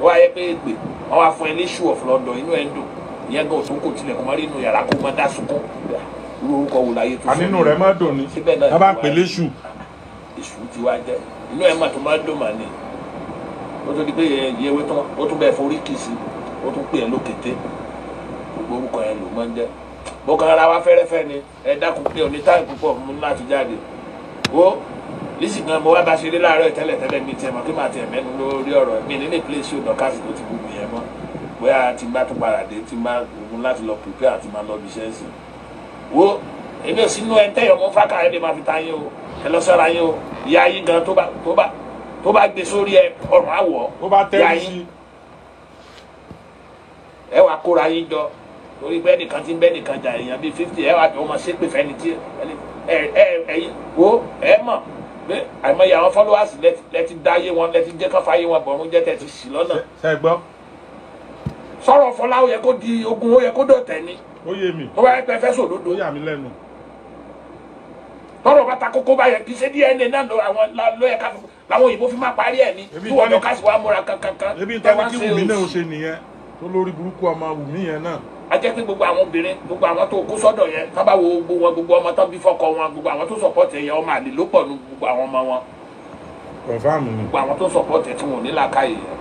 o wá yẹ pé gbè wọ́n wá fún ẹ ní shoe of London inú ẹ ń dùn ìyẹn irú wò láyé tó sọ àmínú rẹ má dùn ni a bá pè léṣù. èṣù ti wá jẹ inú ẹ má tó má dùn mà ní ó tó di pé yẹ eh, tán ó tún bẹ forí kì sí ó tún pè é lókété gbogbo orúkọ yẹn ló máa ń jẹ bọ́kàn ara wa fẹ́rẹ́fẹ́ ni ẹ dákun pé òní táì púpọ̀ mú láti jáde ó lísì gan mo wá bá ṣe dé láàárọ̀ tẹ́lẹ̀tẹ́lẹ̀ mi tiẹ̀ mọ̀ kí màá tiẹ̀ mẹ́nu lórí ọ̀rọ̀ mi nílé pílẹ̀ sí ọ̀dọ̀ káàsì tó ti gbogbo yẹn mọ́ bóyá ti bá tún padà dé ti máa gbogbo láti lọ pèpè àti máa lọ bí iṣẹ́ wo èmi ò sí nú ẹ tẹ́yọ̀ mọ́ fákà ẹ lè máa fi ta yín o ẹ lọ sọ́ra yín o ìyá yín gan tó bá tó bá tó bá gbé sórí ẹ ọrùn àwọ̀ ìyá yín ẹ wàá kóra yín jọ torí pé ẹnìkan ti ń bẹ́ ẹnìkan jà èèyàn bíi fifty ẹ wàá jọ ọmọ ṣépè fẹ́ni tí ẹ ẹ ẹyin wo ẹ mọ̀ pé àìmọye àwọn followers lẹ́ti dáyé wọn lẹ́ti jẹ́ kán fáyé wọn bọ̀rún jẹ́ tẹ̀ ti sì lọ́nà. sọ̀rọ̀ Fọlá ó yẹ kó di ogun ó yẹ kó dọ̀tẹ̀ ni ó yé mi ó bá yẹ pé fẹ́ sòdodo ó yà mí lẹ́nu tọrọ bàtà kókó bá yẹ kí ṣe dna náà lọ àwọn lọ́yẹ ká làwọn òyìnbó fi máa parí ẹ̀ ní tí wọ́n lọ káṣí wa múra kankankan ebi nítorí kí wùmí náà ṣe nìyẹn tó lórí burúkú ọmọ wùmí yẹn náà. a jẹ́ pé gbogbo àwọn obìnrin gbogbo àwọn tó kó sọ́dọ̀ yẹn tábà wo gbogbo wọn gbogbo ọmọ tán bí fọkọ wọn gbogbo àwọn tó sọ̀pọ̀tì yẹn ọmọ àlè ló pọ̀ nu gbogbo àwọn ọmọ wọn. kọfáàmù ni. gbogbo àwọn tó sọ̀pọ̀tì tí wọn ò ní làákàyè yẹn.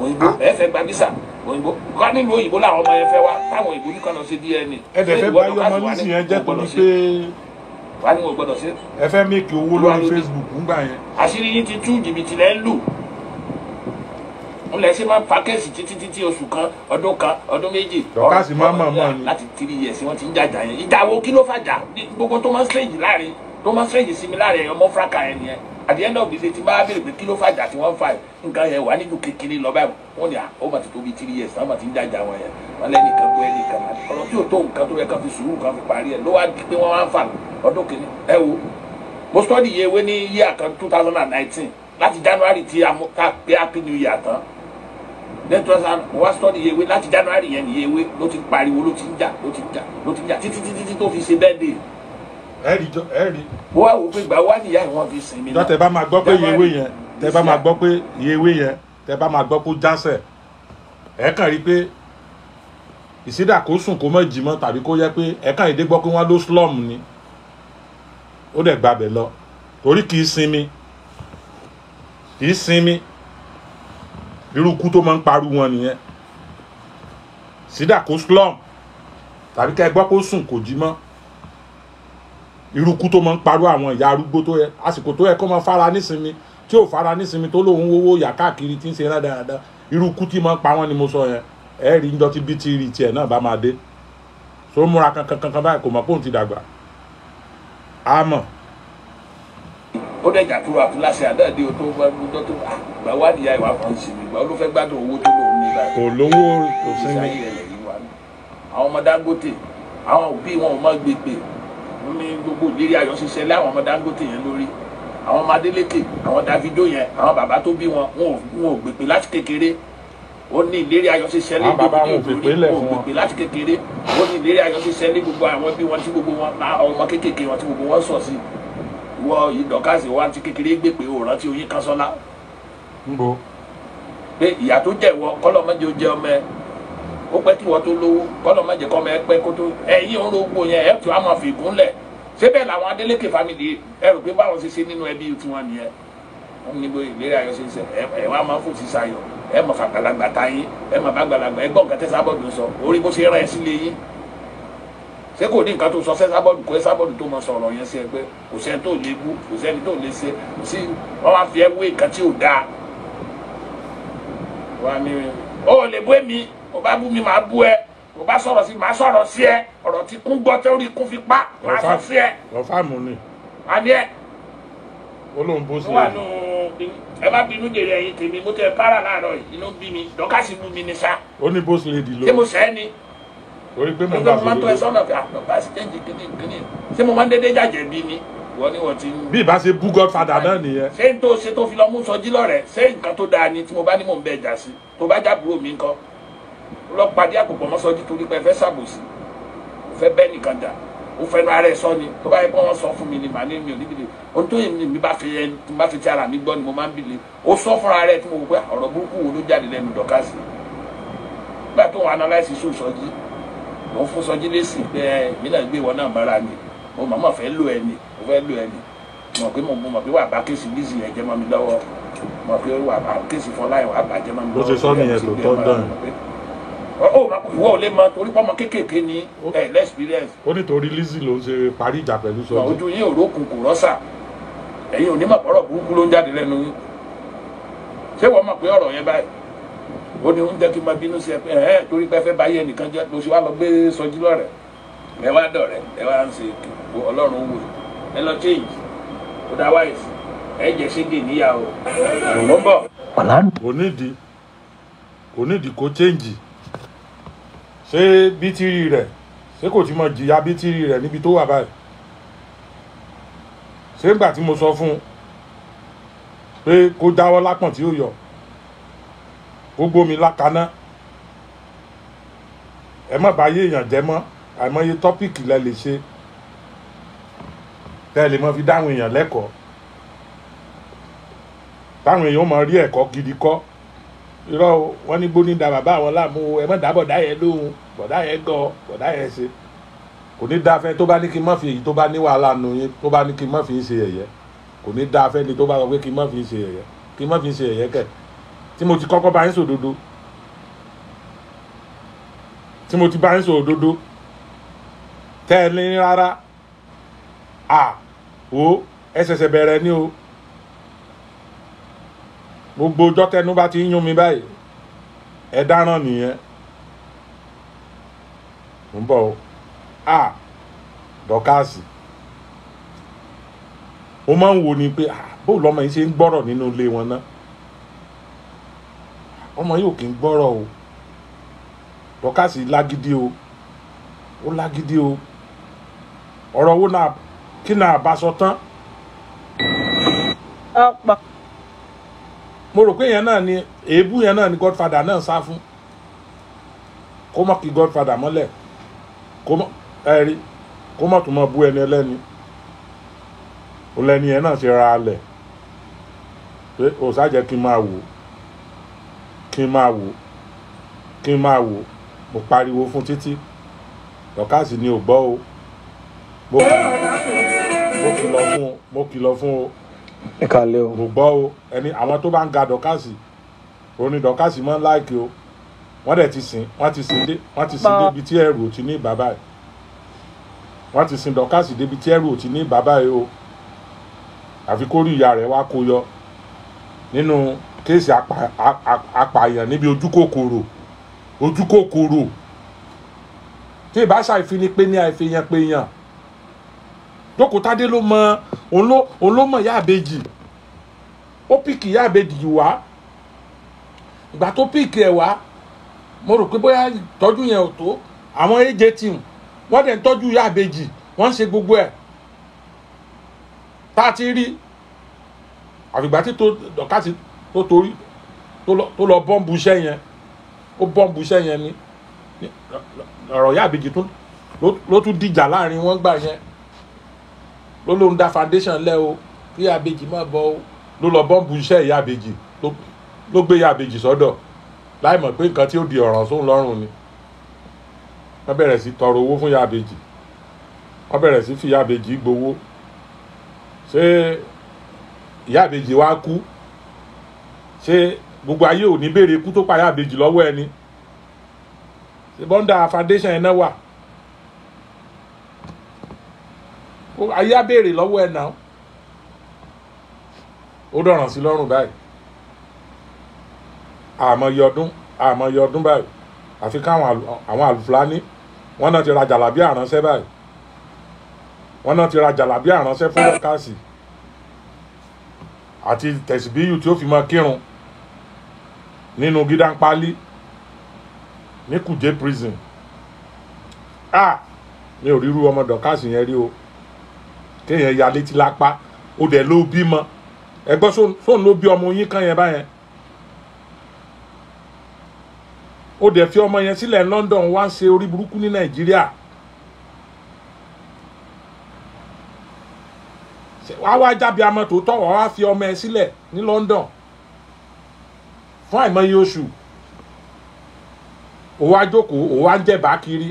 òyìnbó ẹ fẹ́ gba visa òyìnbó ká nílùú òyìnbó làwọn ọmọ yẹn fẹ́ wá táwọn òyìnbó nìkan lọ sí dna. ẹ dẹ̀ fẹ́ báyọ̀ ọmọ nísìnyí ẹ jẹ́ torí pé wà ní wọn gbọ́dọ̀ ṣe. ẹ fẹ́ mẹ́kì owó lórí facebook ńgbà yẹn. àṣírí yín ti tú jìbìtì lẹ́ ń lù ńlẹ̀ ṣe máa pàkẹ́sì títí títí oṣù kan ọdún kan ọdún méjì. dọ̀kásì máa mọ̀ mọ́ ni. láti tiri yẹ̀ sí wọ́n ti ń jàjà yẹn ìjà wo kí ló fàjà gbogbo tó máa ń sẹ́yìn láàrin tó máa ń sẹ́yìn sí mi láàrin ọmọ fúráka yẹn nìyẹn at the end of the day ti bá bèrè pé kí ló fàjà tí wọ́n fà nǹkan yẹn wà nínú kékeré lọ́bàá wọ́n ní ọmọ ti tóbi three years àwọn ti ń jàjà wọn yẹn wọ́n lẹ́nìkan gbọ́ ẹnìkan ọ̀rọ̀ tí ò tó nǹkan tó yẹ ká fi sùúrù kan fi parí ẹ̀ ló wá di pé wọ́n wá ń fà ọdún kìíní ẹ wo mo sọ́ọ́dì yẹ ewé ní year kan two thousand and nineteen láti january tí a pé happy new year tán lẹ́tọ́ sá mo wá sọ́ọ́dì yẹ ewé láti january yẹn ní yẹ ewé ló ti pariwo ló ti ń jà ló ti ń jà ló ti ń jà títí títí tó fi ṣe bẹ́ẹ̀ dé ẹ̀rí jọ ẹ̀rí. wọ́n á wò pé gbà wá nìyá ìwọ̀n fi sinmi. jọ́tẹ̀ bá máa gbọ́ pé yewé yẹn tẹ́ bá máa gbọ́ pé yewé yẹn tẹ bá máa gbọ́ kó jásẹ̀ ẹ kàn rí i pé ìsídà kó sùn kó mọ̀ jìmọ̀ tàbí kó yẹ pé ẹ kàn ìdé gbọ́ pé wọ́n ló slum ni ó dẹ̀ gbabẹ̀ lọ torí kì í sinmi kì í sinmi irú ikú tó máa ń parú wọn nìyẹn sídà kó slum tàbí ká ẹ gbọ́ kó sùn kó jí mọ́ irú ikú tó máa ń parú àwọn ìyá arúgbó tó yẹ àsìkò tó yẹ kó máa fara nísinmi tí ò fara nísinmi tó lóun wówó yà káàkiri tí ń ṣe rádaràda irú kú tí máa ń pa wọ́n ni mo sọ yẹn ẹ rí ń dọtí bí tìrì tiẹ̀ náà bá máa dé so múra kankan kankan báyìí kò mọ̀ pé òun ti dàgbà á mọ̀. ó dẹ̀ jà kúrò àtúnláṣẹ àdáàdé tó gbọ́dọ̀ tó gbà wá níyà ìwà kan sí mi gbà ó ló fẹ́ gbádùn owó tó lòun ní báyìí. kò lówó kò sinmi. àwọn ọmọ Dangote àwọn òbí wọn ò má gbègbè ní gbogbo ìlérí ayọ̀ ṣiṣẹ́ láwọn ọmọ Dangote yẹn lórí àwọn ọmọ Adeleke àwọn Davido yẹn àwọn bàbá tó bí wọn wọn ò gbèpè láti kékeré ó ní ìlérí ayọ̀ ṣe ṣẹlẹ̀ gbogbo ìlú ò gbèpè láti kékeré ó ní ìlérí ayọ̀ ṣe ṣẹlẹ̀ gbogbo àwọn bí wọn tí gbogbo wọn ọmọ kékèké wọn tí gbogbo wọn sọ sí wọ ìdọ̀kasì wa ti kékeré gbèpè òòrán tí oyin kan sọ́lá. pé ìyá tó jẹ̀ wọ kọ́lọ́mọ́jọ jẹ ọmọ ẹ ó pẹ́ kí wọ́n tó lówó kọ́lọ́mọ́jẹ kọ́mọ ẹ pẹ́ kó tó ẹ̀yìn òun ló gbó yẹn ẹ̀ tó á máa fègún lẹ̀ síbẹ̀ làwọn Adeleke family ẹ rò pé báwọn ṣe ṣe nínú ẹbí tiwọn nìyẹn wọn ní bóyá ìlérí ayọ̀ ṣe ń sẹ ẹ wàá máa ń fòsí sayọ ẹ mọ̀ fàgbàlagbà táyé ẹ mọ̀ bàgbàlagbà ẹ gbọ́ nǹkan tẹ́ sábọ̀dù sọ orí bó ṣe rán ẹ sílé yín ṣé kò ní nǹkan tó sọ sẹ́sábọ̀dù kó sábọ̀dù tó mọ sọ̀rọ̀ yẹn sí ẹ pé kò sẹ́ni tó lè bú kò sẹ́ni tó lè ṣe kò sí wọ́n wá fi ẹ wé nǹkan tí ò dáa wọ́n á ó lè bú èmi ò bá bú mi màá bú ẹ kò bá sọ̀rọ̀ sí màá sọ̀rọ̀ sí ẹ ọ̀rọ̀ tí kún gbọ́ tẹ́ orí kún fi pa màá sọ sí ẹ. lọ́fà mú ni. a ní ẹ. olóhùn bó ṣe. wọ́n wà nù ẹ bá bínú jèrè ẹ̀yìn tèmi mo tẹ para láàárọ̀ yìí inú bí mi dọ́kásì mú mi ní sá. ó ní bó ṣe lè dì lọ. ṣé mo sẹ́ ni. orí pé mo bá fi lóde. ṣé mo máa ń dédé jàjẹ́ bí ni wọ́n ní wọ́n ti ń. bí ìbá ṣe bú godfather náà nìyẹn. ṣé n tó ṣe tó fi lọ mú sọjí lọ́rẹ̀ẹ́ ṣé nǹkan tó dáa ni tí mo bá ní mò ń bẹ jà sí tó bá jábúrò mi nǹkan lọ́pàdé àpòpọ̀ mọ́sọ́jí torí pé ẹ fẹ́ ṣàbòsí ò fẹ́ bẹ́ẹ̀ nìkan dà ó fẹ́ nu ara ẹ̀ sọ ni tó bá yẹ kó wọ́n sọ fún mi ni màá ní mi ò níbi lè ohun tó yẹn mi bá fi yẹn tí bá fi ti ara mi gbọ́ ni mo máa ń bì lè ó sọ fúnra rẹ̀ tí mo wò pé ọ̀rọ̀ burúkú wo ló jáde lẹ́nu dọ̀kásì nígbà tó wọn analyse iṣu sọjí mo fún sọjí lésì pé ẹ mi náà gbé wọn náà mọ́ra mi mo màmá fẹ́ lò ẹ ni mo fẹ́ lò ẹ ni mo pé mo mọ̀ pé wà bá kéésì bísí yẹn jẹ́ mọ́ mi lọ́wọ́ mo pé wà bá kéésì fọláyìn wà bá jẹ́ mọ́ mi lọ́wọ́ ó oh, ma oh, oh, ìwọ ò lè mọ torí pọ́mọ kéékèèké ni ẹ̀ eh, lẹ́sipírẹ́ǹsì. ó ní torí Lizzy ló ṣe parí ìjà pẹ̀lú sọ́jà. ojú yín òrókùn kò rọ́ṣà ẹ̀yin onímọ̀ ọ̀rọ̀ burúkú ló ń jáde lẹ́nu yín ṣé wọ́n mọ̀ pé ọ̀rọ̀ yẹn báyìí ó ní oúnjẹ kí n máa bínú sí ẹ pé ẹ̀hẹ́n torí pé fẹ́ báyé ẹnìkan jẹ́ lóṣù wa lọ gbé sọjí lọ́rẹ̀ kò nídìí kò nídìí kó change ṣé bítírì rẹ̀ ṣé kò ti mọ jìyà bítírì rẹ̀ níbi tó wà báyìí ṣé ńgbà tí mo sọ fún un pé kó dáwọ́ lápọ̀n tí ó yọ kó gbómi lákaná ẹ má bá yé èèyàn jẹ mọ́ àìmọye tọ́pìkì lẹ lè ṣe tẹ́ ẹ lè mọ fi dáhùn èèyàn lẹ́kọ̀ọ́ táwọn èèyàn mọ rí ẹ̀kọ́ gidi kọ́ irọ́ wọn ní gbóni da bàbá àwọn láàmú ẹ má dábọ̀ dá yẹn lóhùn bọ̀dá yẹn gọ̀ bọ̀dá yẹn ṣe kò ní dáa fẹ́ tó bá ní kí n má fi èyí tó bá ní wàhálà nu yín tó bá ní kí n má fi ṣe yẹ̀yẹ́ kò ní dáa fẹ́ ni tó bá sọ pé kí n má fi ṣe yẹ̀yẹ́ kí n má fi ṣe yẹ̀yẹ́ kẹ̀ tí mo ti kọ́kọ́ bá yín sòdodo tí mo ti bá yín sòdodo tẹ́ ẹ ní rárá à wo ẹ bẹ̀rẹ̀ ni o gbogbo ọjọ́ tẹnu bá ti ń yún mi báyìí ẹ dáràn nìyẹn. mbọ o a dọ́kàsì ó máa ń wo ni pé ah, bó lọ́mọ yìí ṣe ń gbọ́rọ̀ nínú ilé wọn ná ọmọ yìí ò kì í gbọ́rọ̀ o dọ́kàsì lágídí o ó lágídí o ọ̀rọ̀ owó náà kí náà bá sọ tán. mo rò pé yẹn náà ni èébú yẹn náà ni godfather náà sá fún kó mọ̀ kí godfather mọ́lẹ̀. kó má ẹ̀rí kó má tún máa bú ẹni ẹlẹ́ni ó lẹ́ni ẹ náà ṣe ra alẹ̀ pé òòsà jẹ́ kí n máa wò kí n máa wò kí n máa wò mo pariwo fún títí lọ́kàsí ni ò gbọ́ o mo kìlọ̀ fún o mo kìlọ̀ fún o ẹ kàlẹ́ o mo gbọ́ o ẹni àwọn tó bá ń ga dọ́kàsí orin dọ́kàsí máa ń láìkì o wọ́n dẹ̀ ti sìn wọ́n ti sìn dé wọ́n ti sìn débi tí ẹrù ò ti ní bàbá yìí wọ́n ti sìn dọ́kásì débi tí ẹrù ò ti ní bàbá yìí o àfi kó rí ìyá rẹ̀ wá kó yọ nínú kéèsì apààyàn níbi ojúkòkòrò ojúkòkòrò tí ìbá ṣàìfini pé ní àìfihàn pé yàn dókòtádé ló mọ òun ló mọ ìyá àbèjì ó pìkì ìyá àbèjì wá ìgbà tó pìkì ẹ̀ wá mo rò pé bóyá ìtọ́jú yẹn ò tó àwọn eje team wọ́n dẹ̀ ń tọ́jú ìyá àbejì wọ́n ń ṣe gbogbo ẹ̀ tá a ti rí àfìgbà tí tó dọ̀kátì tó torí tó lọ bọ́ǹbù iṣẹ́ yẹn ó bọ́ǹbù iṣẹ́ yẹn ni ọ̀rọ̀ ìyá àbejì ló tún dìjà láàrin wọn gbà yẹn ló lóun dá foundation lẹ́ o kí ìyá àbejì má bọ́ o ló lọ bọ́ǹbù iṣẹ́ ìyá àbejì ló gbé ìyá àbejì sọ́dọ̀. So láì mọ̀ pé nǹkan tí ó di ọ̀ràn sóun lọ́rùn ni wọ́n bẹ̀rẹ̀ sí tọrọ owó fún yàbèjì wọ́n bẹ̀rẹ̀ sí fi yàbèjì gbowó ṣé yàbèjì wá kú ṣé gbogbo ayé ò ní béèrè ikú tó pa yàbèjì lọ́wọ́ ẹni ṣé bọ́ńdà foundation ẹ̀ náà wà ayé á béèrè lọ́wọ́ ẹ̀ náà ó dọ̀ràn sí lọ́rùn báyìí àmọye ọdún àmọye ọdún báyìí àfi káwọn àwọn àlùfáàní wọn náà ti ra jàlábí àránṣẹ́ báyìí wọn náà ti ra jàlábí àránṣẹ́ fún lọ́kàsì àti tẹ̀síbíyù tí ó fi máa kírun nínú gídán pálí ní kùjé prison ah mi ò ríru ọmọ dọ̀kàsì yẹn rí o kéèyàn ya létí lápá ó dẹ̀ ló bímọ ẹgbọ́n sóun ló bí ọmọ yín kan yẹn báyẹn ó dẹ̀ fi ọmọ yẹn sílẹ̀ London wá ń ṣe orí burúkú ní Nàìjíríà wàá wá jábí amọ tòótọ́ wàá wá fi ọmọ ẹ sílẹ̀ ní London fún àìmọye oṣù òun á jókòó òun á ń jẹ̀bá kiri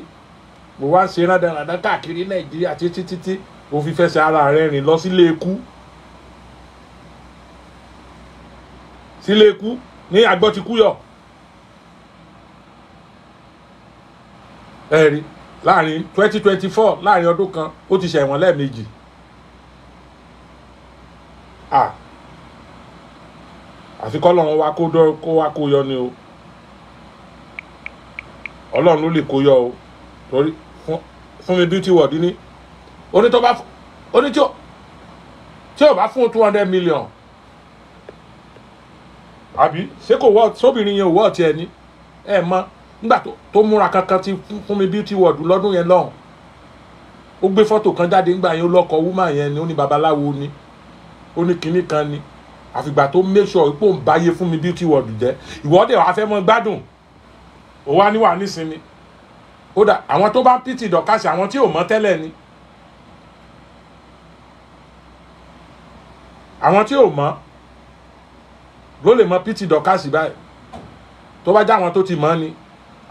òun á ń ṣe rádaràdá káàkiri Nàìjíríà títí títí òun fi fẹsẹ̀ ara rẹ̀ rìn lọ sílé ikú sílé ikú ní àgbọ̀tìkúyọ̀. ẹ̀rí láàrin twenty twenty four láàrin ọdún kan ó ti ṣẹ̀wọ̀n lẹ́ẹ̀mejì àfi kọ́lọ́run wa kó dọ́ kó wa kó yọ ni o ọlọ́run ló lè kó yọ o torí fún mi beauty world ní oní tó bá oní tí ò tí ò bá fún two hundred million àbí ṣé kò wọ́ sóbìnrin yẹn ò wọ́ ọ̀tí ẹni ẹ̀ mọ́ nígbà tó múra kankan ti fún mi beauty world lọ́dún yẹn lọ́hùn ó gbé fọ́tò kan jáde nígbà yẹn ó lọ́kọ̀ wúmà yẹn ni ó ní babaláwo ni ó ní kinní kan ni àfìgbà tó make sure pé òun báyé fún mi beauty world jẹ́ ìwọ́dẹ̀ wàá fẹ́ mọ gbádùn ó wá níwà nísinmi ó dà àwọn tó bá pìtì dọ̀kasì àwọn tí ò mọ̀ tẹ́lẹ̀ ni àwọn tí ò mọ̀ ló lè mọ pìtì dọ̀kasì báyìí tó bá já àwọn tó ti mọ̀ ni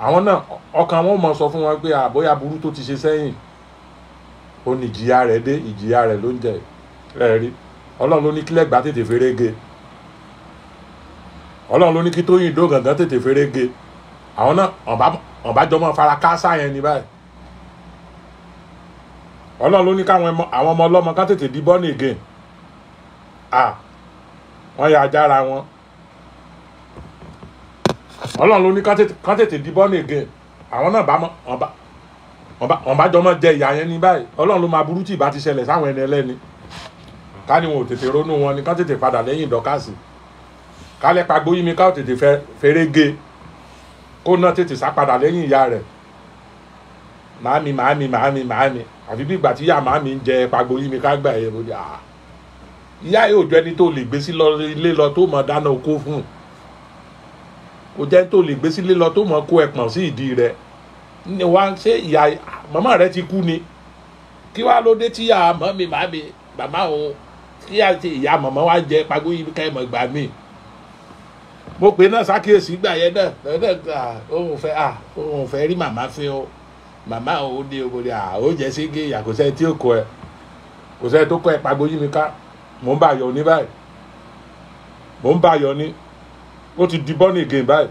àwọn náà ọkàn wọn mọ̀ sọ fún wọn pé àbóyá burú tó ti ṣe sẹ́yìn ó ní ìjìyà rẹ̀ dé ìjìyà rẹ̀ ló ń jẹ ẹ rí ọlọ́run ló ní kílẹ̀ gbá tètè ferege ọlọ́run ló ní kí tóyìn dó gàngán tètè ferege àwọn náà ọ̀bájọmọ́ fara káásá yẹn ní báyìí ọlọ́run ló ní káwọn àwọn ọmọ ọlọ́mọ ká tètè di born again ah wọ́n yà ajára wọn ọlọ́run ló ní kán tètè di born again àwọn náà bá mọ wọn bá jọmọ jẹ ìyá yẹn ní báyìí ọlọ́run ló máa burú tí ìbá ti ṣẹlẹ̀ sáwọn ẹni ẹlẹ́ni ká ní wọn ò tètè ronú wọn ni kán tètè padà lẹ́yìn ìdọ́kàsì kálẹ̀ pagbo yìí mi ká ò tètè fẹ́rẹ́ gé kó náà tètè sá padà lẹ́yìn ìyá rẹ̀ màámi màámi màámi màámi àfi bí ìgbà tí ìyá màámi ń jẹ pagbo yìí mi ká gbà yẹ mo ní à ìyá yóò jọ ẹni tó lè gbé sí ilé lọ tó mọ̀ dáná okó fún un kò jẹ́ tó lè gbé sílé lọ tó mọ̀ kó ẹ̀pọ̀n sí ìdí rẹ̀ ni wá ṣé ìyá màmá rẹ̀ ti kú ni kí wá ló dé tí ìyá mọ́mi màmí bàbá òun kí ìyá màmá wa jẹ pagó yìí ká ẹ̀mọ̀ gbà mí. mo pè náà sákìyèsí gbà yẹn náà lọ́dọ̀ òun fẹ́ òun fẹ́ rí màmá fẹ́ o màmá òun ní obìnrin àwọn oúnjẹ sí gé ìyá kò sẹ́ni tí ó kọ ẹ kò sẹ́ni tó kọ ẹ pagó yìí mi ká mò ń bá yọ̀ ní báyìí mò ń bá yọ̀ ní ó ti di born again báyìí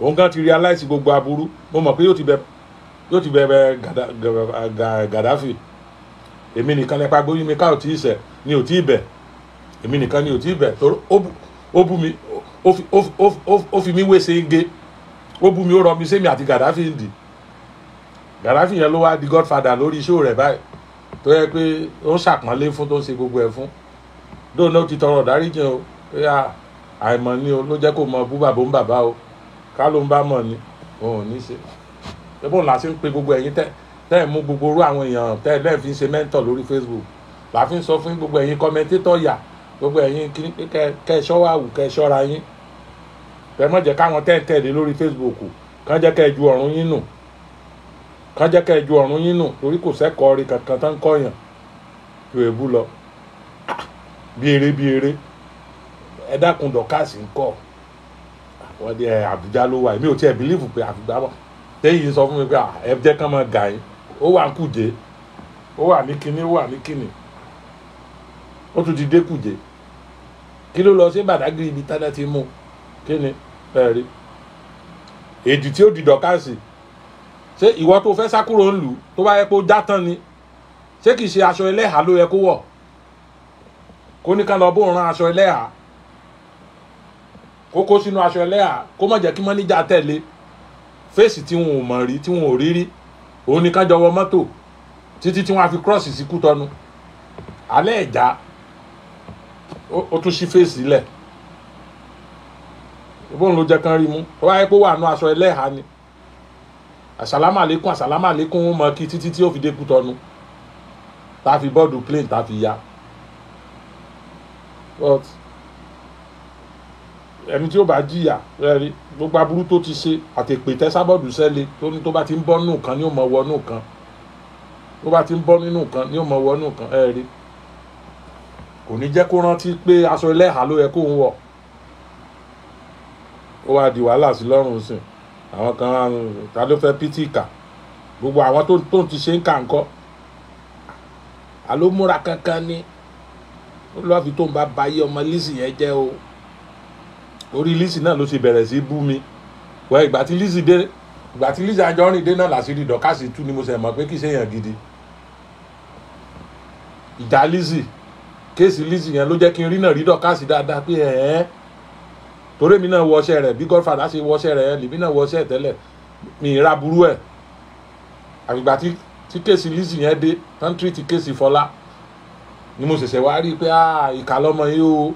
òun gan ti realize gbogbo aburú mo mọ̀ pé yóò ti bẹ yóò ti bẹ̀rẹ̀ gàdáfì èmi nìkan lẹ́pa gbóyún mi ká ò tí ì sẹ̀ ni ò tí ì bẹ̀ èmi nìkan ni ò tí ì bẹ̀ tó ó bú mi ó fi mi wéṣe ige ó bú mi ó rọ mi sẹ́mi àti gàdáfì ń dì gàdáfì yẹn ló wá di godfather lórí iṣẹ́ rẹ̀ báyìí tó yẹ pé ó ń ṣàpọ́nlé fún tó ń ṣe gbogbo ẹ̀ fún dóòlù náà ti tọrọ dáríjì o ó yà á àìmọ̀ ni o ló jẹ́ kó mọ bú bàbá ń bàbá o ká ló ń bá mọ̀ ni òun ò ní ṣe ẹ̀bùn la fi ń pe gbogbo ẹ̀yin tẹ́ tẹ́ mú gbogbo orú àwọn èèyàn tẹ́ ẹ̀ lẹ́ẹ̀ fi ń ṣe mẹ́ńtọ̀ lórí Facebook la fi ń sọ fún gbogbo ẹ̀yin kọ́mẹ́ntétọ̀ yà gbogbo ẹ̀yin kẹ́ ẹ ṣọ́wọ́ àwù kẹ́ ẹ ṣọ́ra yín tẹ́ mọ̀ jẹ́ káwọn tẹ́ ẹ̀ tẹ̀lé lórí Facebook kàn jẹ́ kẹ́ ẹ ju ọ̀run yín nù kàn jẹ́ kẹ́ ẹ ju ọ̀run yín nù torí kò sẹ́kọ̀ọ́ rí kankan tán kọ́yàn ju èbú lọ bí eré bí eré ẹ dákun dọ̀kásì ń kọ́ wọ́n di Àbújá ló wà èmi ò tiẹ̀ bílíìfù pé àfìgbà wà tẹ́yìn sọ fún mi pé ẹ jẹ́ kán máa gà yín ó wà ń Kùjé ó wà ní kinní ó wà ní kinní ó tún ti dé Kùjé kí ló lọ sí Bàdágìrì ibi tádá ti mú kí ni ẹ rí èdè tí ó di dọ̀kásì ṣé ìwọ tó fẹ́ sákúrò ń lù tó bá yẹ kó já tán ni ṣé kì í ṣe aṣọ ẹlẹ́hàá ló yẹ kó wọ̀ kó ní ká lọ bó ran aṣọ ẹlẹ́hàá kó kó sínú aṣọ ẹlẹ́yà kó má jẹ́ kí mọ́níjà tẹ̀lé fèsì tí wọn ò mọ̀ rí tí wọn ò rí rí òun ni kán jọ wọ mọ́tò títí tí wọn á fi cross sí Kútọ́nù alẹ́ ẹ̀já ó tún ṣí fèsì lẹ̀ bóun ló jẹ́ kán rí mú ó wáyé pé ó wà nú aṣọ ẹlẹ́hàá ni àsàlámà lẹ́kùn àsàlámà lẹ́kùn ó mọ kí títí tí ó fi dé Kútọ́nù tá a fi bọ́ọ̀dù plane tá a fi ya. But, ẹni tí ó bá jìyà rẹ́rí gbogbo aburú tó ti ṣe àtèpè tẹ́ sábọ̀dù sẹ́lẹ̀ tó ní tó bá ti ń bọ́ nù kan ní ó mọ̀ wọ nù kan tó bá ti ń bọ́ nínú kan ní ó mọ̀ wọ nù kan ẹ rí kò ní jẹ́ kó rántí pé aṣọ ẹlẹ́hà ló yẹ kó ń wọ̀ ó wá di wàhálà sí lọ́rùn sìn àwọn kan ta ló fẹ́ pítì kà gbogbo àwọn tó tó ti ṣe ń kà ń kọ́ àló kankan ni ó lọ́ọ́ fi tó ń bá bayé ọmọ lísì jẹ́ o orí Lizzy náà ló ṣe bẹ̀rẹ̀ sí bú mi wọ ìgbà tí Lizzy dé ìgbà tí Lizzy Anjorin dé náà làṣírí dọ̀kásì tú ni mo ṣe mọ̀ pé kì ṣe èèyàn gidi ìjà Lizzy kéèsì Lizzy yẹn ló jẹ́ kí n rí náà rí dọ̀kásì dáadáa pé ẹ̀ ẹ́ torí mi náà wọṣẹ́ rẹ̀ bí Godfather ṣe wọṣẹ́ rẹ̀ ẹ̀ lèmi náà wọṣẹ́ tẹ́lẹ̀ mi ìra burú ẹ̀ àgbà tí tí kéèsì Lizzy yẹn dé tán tírìtì kéèsì Fọlá ni mo ṣẹ̀ṣẹ̀ wá rí i pé ìkà lọ́mọ yìí o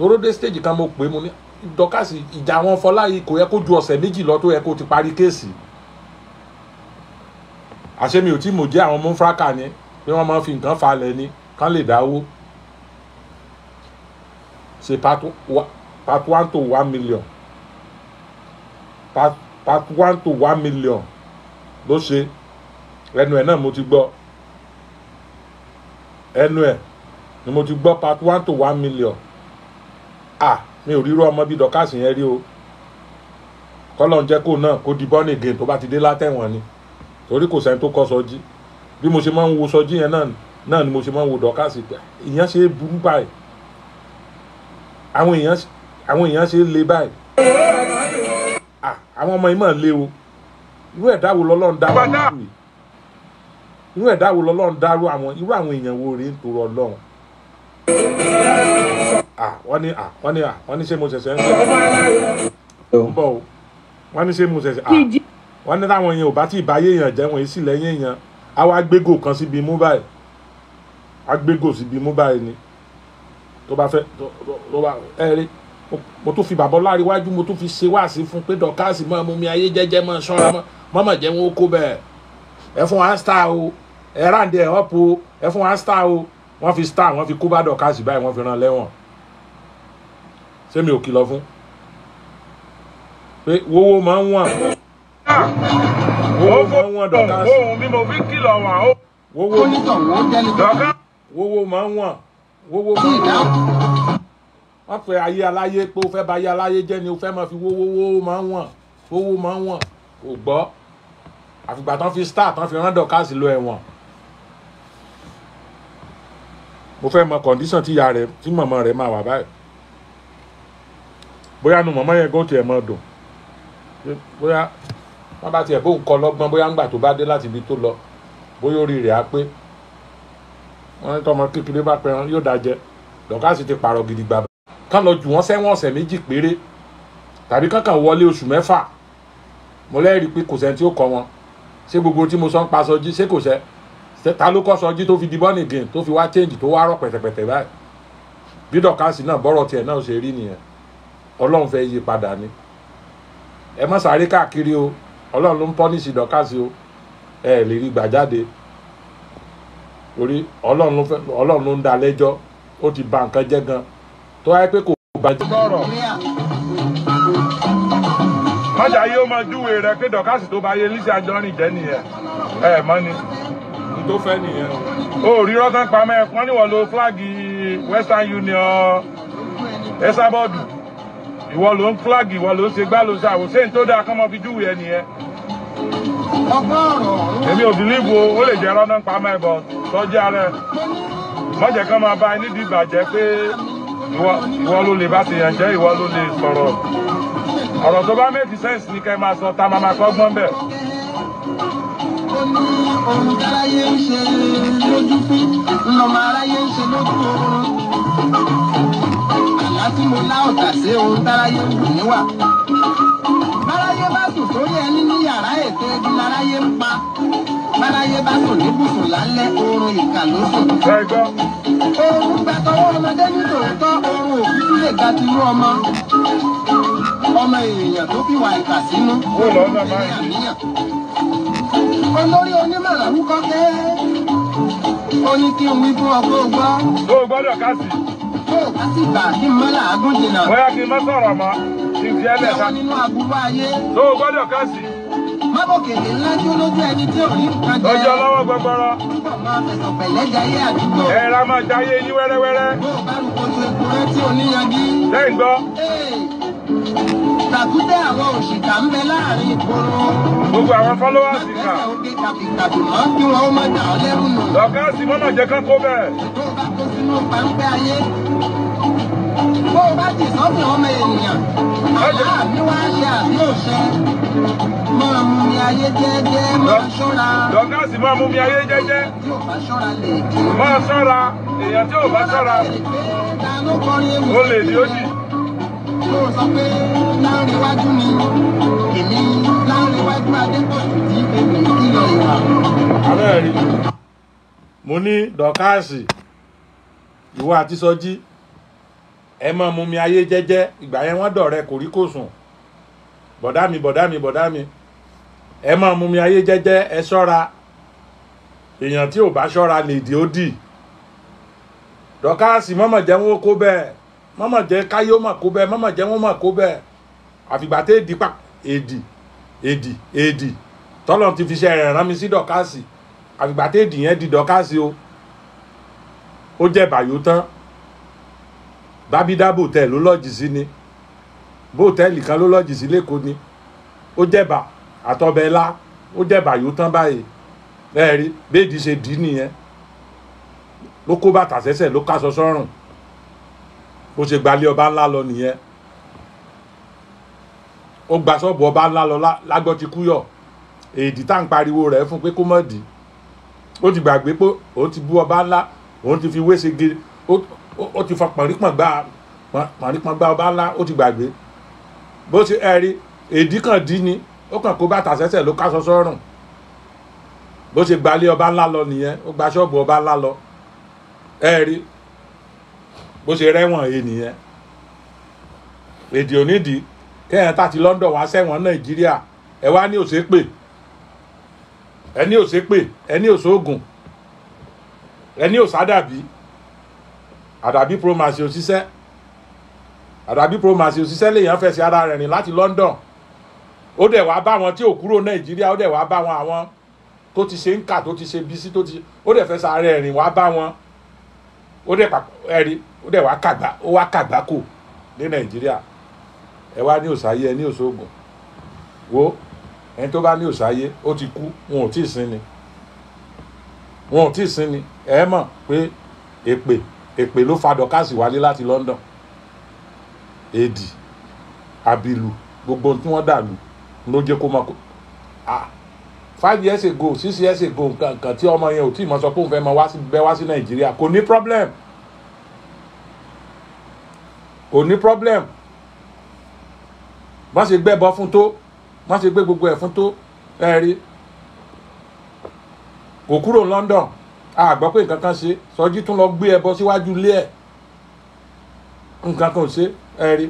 Toro dé stage kan mo pè mo ní dọkasi ìjà àwọn fọlá yìí kò yẹ kó ju ọ̀sẹ̀ méjì lọ tó yẹ kó ti parí kéèsì àṣẹ ò tí mò jẹ́ àwọn múfraka ni pé wọ́n máa fi nǹkan falẹ̀ ni kán lè dáwó ṣe part one to one million part, part one to one million ló ṣe ẹnu ẹ̀ náà mo ti gbọ́ ẹnu ẹ̀ ni mo ti gbọ́ part one to one million à mi ò rírú ọmọ bíi dọ́kàsì yẹn rí o kọ́lọ́n jẹ́ kó náà kó di bọ́ọ̀nì gèè tó bá ti dé látẹ̀wọ̀n ni torí kò sẹ́ni tó kọ́ sọjí bí mo ṣe máa ń wo sọjí yẹn náà náà ni mo ṣe máa ń wo dọ́kàsì pé ìyẹn ṣe é burú báyìí àwọn èèyàn àwọn èèyàn ṣe é le báyìí àwọn ọmọ yìí máa le o irú ẹ̀dá wo lọ́lọ́run dá wọn irú ẹ̀dá wo lọ́lọ́run dárú àwọn irú àwọn èèyàn wo rèé ń torọ ọlọ́run wọ́n ní à wọ́n ní à wọ́n ní ṣé mo ṣẹ̀ṣẹ̀ ń sọ ń bọ̀ o wọ́n ní ṣé mo ṣẹ̀ṣẹ̀ à wọ́n ní táwọn èèyàn ò bá tí ì báyé èèyàn jẹ́ wọ́n yìí sì lẹ́yìn èèyàn á wá gbégò kan síbi imú báyìí á gbégò síbi imú báyìí ni tó bá fẹ́ tó bá ẹ rí mo tún fi bàbá láàrin iwájú mo tún fi ṣe wáàsí fún pé dọ̀káàsì mọ́ ẹmu mi ayé jẹ́jẹ́ mọ́ ṣọ́ra mọ́ mọ́mọ́ jẹ́ wọn ó kó bẹ́ẹ̀ ẹ fún wa star o ẹ ráǹdẹ̀ ọ̀pọ̀ ẹ fún wa star o wọ́n fi star wọ́n fi kó bá dọ̀káàsì báyìí wọ́n fi ràn lẹ́wọ̀n sẹ́mi ò kìlọ̀ fún pé wowó máa ń wọ̀n wowó máa ń wọ̀n dọ̀kásì wowó máa ń wọ̀n wowó máa ń wọ̀n wọ́n fẹ́ ayé aláyé pé o fẹ́ ba ayé aláyé jẹ́ ni o fẹ́ máa fi wówó wówó máa ń wọ̀n wówó máa ń wọ̀n kò gbọ́ àfìgbà tán fi star tán fi rán dọ̀kásì lọ ẹ̀wọ̀n mo fẹ́ mọ kọ̀ǹdíṣàn tí ìyá rẹ̀ tí mọ̀mọ́ rẹ̀ máa wà báyìí bóyá nu mọ̀mọ́ yẹn gan tiẹ̀ mọ́ dùn bóyá wọ́n bá tiẹ̀ bó ń kọ́ lọ́gbọ́n bóyá ńgbà tó bá dé láti ibi tó lọ bóyá orí rẹ̀ á pé wọ́n ní tọmọ kékeré bá pẹran yóò dá jẹ dọ̀kásì ti pààrọ̀ gidi gbà. kán lọ jù wọ́n sẹ́wọ̀n ọ̀sẹ̀ méjì péré tàbí kankan wọlé oṣù mẹ́fà mo lẹ́rìí pé kò sẹ́ni tí ó kọ́ wọn ṣé gbogbo tí mo sọ ń pa sọjí ṣé kò sẹ́ ta ló kọ́ sọjí tó fi di bọ́ọ̀nì gèè tó fi wá change tó wá rọ̀ pẹ̀tẹ̀pẹ̀tẹ̀ báyìí bí dọ̀kásì náà bọ́rọ̀ tiẹ̀ náà ṣe rí nìyẹn ọlọ́run fẹ́ yí padà ni ẹ má sáré káàkiri o ọlọ́run ló ń pọ́níṣì dọ́kásì o ẹ lè rí gbà jáde torí ọlọ́run ló ń da lẹ́jọ́ ó ti ba nǹkan jẹ́ gan tó wáyé pé kò bá jẹ́. mọ́jà yóò máa júwe rẹ pé dọ́kásì tó bá yẹ Lizzy Anjorin jẹ́ nìyẹn ẹ mọ́ ni. tó fẹ́ nìyẹn o. rí rọ́tán pamẹ́ wọ́n ní lo fúláàgì Western Union ẹ̀sà bọ́ọ̀dù ìwọ ló ń flag ìwọ ló ń ṣe gbá ló ṣe àwòṣe tó dáa kọ́mọ fi júwèé ẹ nìyẹn. èmi ò bìlíìbù ó lè jẹ́ rọ́nà pa mọ́ ẹ̀bọ̀ tọ́jú ara ẹ̀ mọ́jẹ̀ kan máa bá ẹ nídìí ìbàjẹ́ pé ìwọ ló lè bá ti yàn jẹ́ ìwọ ló lè sọ̀rọ̀ ọ̀rọ̀ tó bá make sense ni kẹ́ máa sọ ta máa máa kọ́gbọ́n bẹ̀. ó ní ń ṣe lójú pín lọ́mọ aráyé ń ṣe lójú oorun àṣà tí mo lá ọ̀tà sí ohun táráyé wù mí wà. báráyé bá sùn sórí ẹni ní yàrá ètò ebi láráyé ń pa báráyé bá sùn níbùsùn lálẹ́ oorun ìkà ló sùn. oorun gba tọwọ́ ọmọdé nítòótọ́ oorun òkútú lè ga tinú ọmọ ọmọ èèyàn tó fi wà ìkà sínú ní àníyàn. olórí onímọ̀ràn ń kọ́ pé ó ní kí n wí fún ọ pé ó gbọ́. ó gbọ́dọ̀ ká sí tó o bá sì gbà kí n mọ́ làágùn bóyá kí n má sọ̀rọ̀ mọ́ kí n fi ẹ́ lẹ̀ tó o gbọ́dọ̀ ká sí. mábòkèlè ńlájú lójú ẹni tí ò ní nǹkan jẹ. lójú ọlọ́wọ́ gbọgbọrọ. púpọ̀ máa fẹsọ̀ pẹ̀lẹ́ jayé àdúgbò. ẹ ra máa jayé yín wẹ́rẹ́wẹ́rẹ́. bó bá rúkọ tó ekúrẹ́ àwọn òṣìkà ń bẹ láàrin ìkoro. Gbogbo àwọn followers kà. Lọ́kàsí mọ́nà jẹ́ kó bẹ́ẹ̀ nínú pàǹpẹ́ ayé bó o bá ti sọ́kùn ọmọ ènìyàn aláàbí wá ṣe àtúnṣe máa mú mi ayé jẹ́jẹ́ máa ṣọ́ra. dọ́kásì máa mú mi ayé jẹ́jẹ́. tí o bá ṣọ́ra lè dùn. máa ṣọ́ra èèyàn tí o bá ṣọ́ra. o lè di ojì. yóò sọ pé láàrin iwájú mi èmi láàrin iwájú adépọ̀jù tí èmi kí lọ ìwà. mo ní dọ́kásì ìwọ àti sọjí ẹ máa mú mi ayé jẹ́jẹ́ ìgbà yẹn wọ́n dọ̀rẹ́ kòríkòsùn bọ̀dá mi bọ̀dá mi bọ̀dá mi ẹ máa mú mi ayé jẹ́jẹ́ ẹ ṣọ́ra èèyàn tí ò bá ṣọ́ra nìdí ó dì dọ́kásì mọ́mọ̀ jẹ́ wọn kó bẹ́ẹ̀ mọ́mọ̀ jẹ́ káyé ó mà kó bẹ́ẹ̀ mọ́mọ̀ jẹ́ wọn mà kó bẹ́ẹ̀ àfìgbà tẹ́ èdì pa èdì èdì èdì tọ́lọ́ ti fi ṣe ẹ̀rẹ̀ rán mi sí dọ́kásì àfìgbà tẹ́ èdì yẹn di dọ́kásì o ó jẹ́ bàyó tán bábídá bòtẹ́ẹ̀lì ló lọ́ọ̀jì sí ni bòtẹ́ẹ̀lì kan ló lọ́ọ̀jì sí lẹ́kọ̀ọ́ ni ó jẹ̀bà àtọ́bẹ̀lá ó jẹ̀bà yóò tán báyìí lẹ́ẹ̀rí béèdì ṣe dì í nìyẹn ló kó bàtà sẹ́sẹ̀ ló kásọ sọ́rùn ó ṣe gbalẹ̀ ọba ńlá lọ nìyẹn ó gba ṣọ́ọ̀bù ọba ńlá lọ lágbọ́ ti kúyọ̀ èdè tá à ń pariwo rẹ̀ fún pé kó mọ̀ dì ó ti gbàgbé pé ó ti bú ọba ńlá òun ti fi wéṣe gidi ó ti fa pàrípàgbà pàrípàgbà ọba ńlá ó ti gbàgbé bó ti ẹ̀rí èdí kan dí ni ó kàn kó bàtà sẹ́sẹ̀ ló kásọ sọ́rùn bó ṣe gbalé ọba ńlá lọ nìyẹn ó gba ṣọ́ọ̀bù ọba ńlá lọ ẹ̀rí bó ṣe rẹ́wọ̀n yìí nìyẹn èdè onídìí kẹ́hìn tàti London wá sẹ́wọ̀n Nàìjíríà ẹ wá ní òṣèpè ẹ ní òṣèpè ẹ ní òṣòògùn ẹni ò sádàbí àdàbí promaxi òṣìṣẹ́ àdàbí promaxi òṣìṣẹ́ lèèyàn fẹsẹ̀ ara rẹ̀ rìn láti London ó dẹ̀ wá bá wọn tí ò kúrò Nàìjíríà ó dẹ̀ wá bá wọn àwọn tó ti ṣe ń kà tó ti ṣe bí sí tó ti ó dẹ̀ fẹsẹ̀ ara rẹ̀ rìn wá bá wọn ó dẹ̀ ẹ̀rí ó dẹ̀ wá kàgbá ó wá kàgbá kò ní Nàìjíríà ẹ wá ní òsáyé ẹ ní òṣogbo wo ẹni tó bá ní òsáyé ó ti kú wọn ò tí ì sinmi wọn ò tí ì sinmi ẹ mọ̀ pé èpè èpè ló fa dọ́kásì wálé láti London èdì àbìlù gbogbo tí wọ́n dàlù ló jẹ́ kó máa kó ah five years ago six years ago nǹkan nǹkan tí ọmọ yẹn ò tí ì mọ sọ pé òun fẹ́ mọ wá sí bẹ́ wá sí Nàìjíríà kò ní problem kò ní problem wọ́n ṣe gbẹ́bọ fún tó wọ́n ṣe gbé gbogbo ẹ̀ fún tó ẹ̀rí kò kúrò London a gbọ́ pé nǹkan kan ṣe Sọjí tún lọ gbé ẹbọ síwájú ilé ẹ̀ nǹkan kan ò ṣe ẹ rí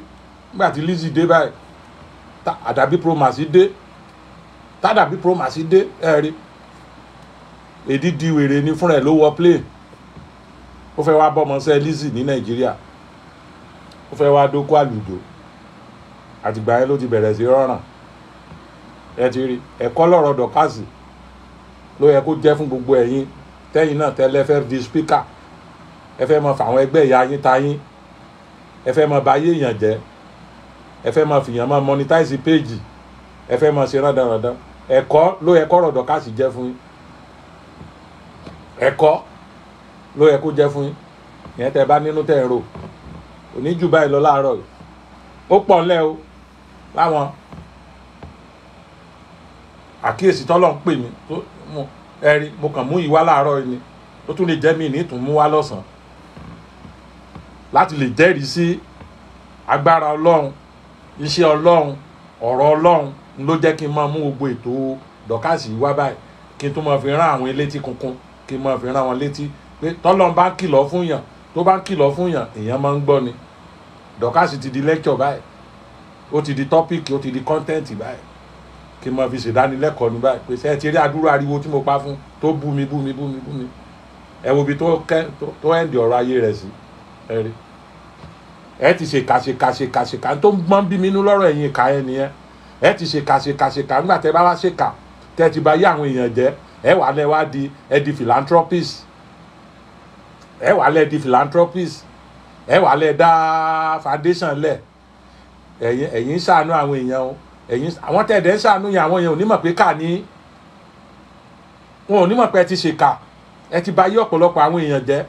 nígbà tí Lizzy dé báyìí àdàbí promaxi dé tàdàbí promaxi dé ẹ rí èdìdì wèrè ni fúnra ẹ̀ ló wọ plane ó fẹ́ wá bọ́mọ sẹ́ Lizzy ní Nàìjíríà ó fẹ́ wá dókó àlùdò àtìgbà yẹn ló ti bẹ̀rẹ̀ sí rọrùn ẹ ti rí ẹ̀kọ́ lọ́rọ̀ dọ̀kásì ló yẹ kó jẹ́ fún gbogbo ẹ̀yin tẹ́yìn náà tẹ́lẹ̀ fẹ́ di spíkà ẹ fẹ́ mọ fàwọn ẹgbẹ́ ìyá yín ta yín ẹ fẹ́ mọ báyé èèyàn jẹ́ ẹ fẹ́ mọ fìyàn mọ monetize péèjì ẹ fẹ́ mọ ṣe rádaràdà ẹ̀kọ́ ló yẹ kọ́rọ̀ dọ̀kásì jẹ́ fún yín ẹ̀kọ́ ló yẹ kó jẹ́ fún yín ìyẹn tẹ́ bá nínú tẹ́ ń òní jù báyìí lọ láàárọ̀ yìí ó pọ̀ ńlẹ̀ o láwọn àkíyèsí tọ́lọ́ ń pè mí mo ẹ̀rí mo kàn mú ìwá láàárọ̀ ni ó tún lè jẹ́ mi ní ìtún mú wá lọ́sàn-án láti lè jẹ́rìí sí agbára ọlọ́run iṣẹ́ ọlọ́run ọ̀rọ̀ ọlọ́run ló jẹ́ kí n máa mú gbogbo ètò dọ̀kásì wá báyìí kí n tún máa fi rán àwọn elétí kunkun kí n máa fi rán wọn létí pé tọ́lọ́n bá kìlọ̀ fún yàn tó bá kìlọ̀ fún yàn èèyàn máa ń gbọ́ ni dọ̀kásì ti di lecture báyìí ó ti di topic ó ti di content báyìí kí n máa fi ṣèdánilẹ́kọ̀ọ́ ní báyìí pé ṣe ti rí adúrú ariwo tí mo pa fún tó bú mi bú mi bú mi bú mi ẹ wo ibi tó ẹ̀ǹdì ọ̀rọ̀ ayé rẹ̀ sí ẹ rí ẹ ti ṣe kàṣekàṣekàṣekà tó ń gbọ́n bí mi nú lọ́rọ̀ ẹ̀yìn ìka ẹ nìyẹn ẹ ti ṣe kàṣekàṣekà nígbà tẹ bá wá ṣèkà tẹ ti bá yé àwọn èèyàn jẹ ẹ wà lẹ wá di ẹ di philanthropist ẹ wà lẹ di philanthropist ẹ wà lẹ dá foundation lẹ ẹ̀yin ẹ̀yin ṣàánú àwọn èèyàn o ẹ̀yin àwọn tẹ̀ dẹ́ ń ṣàánú yẹn àwọn yẹn ò ní mọ̀ pé kà ní wọn ò ní mọ̀ pé ẹ ti ṣèkà ẹ ti bà yí ọ̀pọ̀lọpọ̀ àwọn èèyàn jẹ́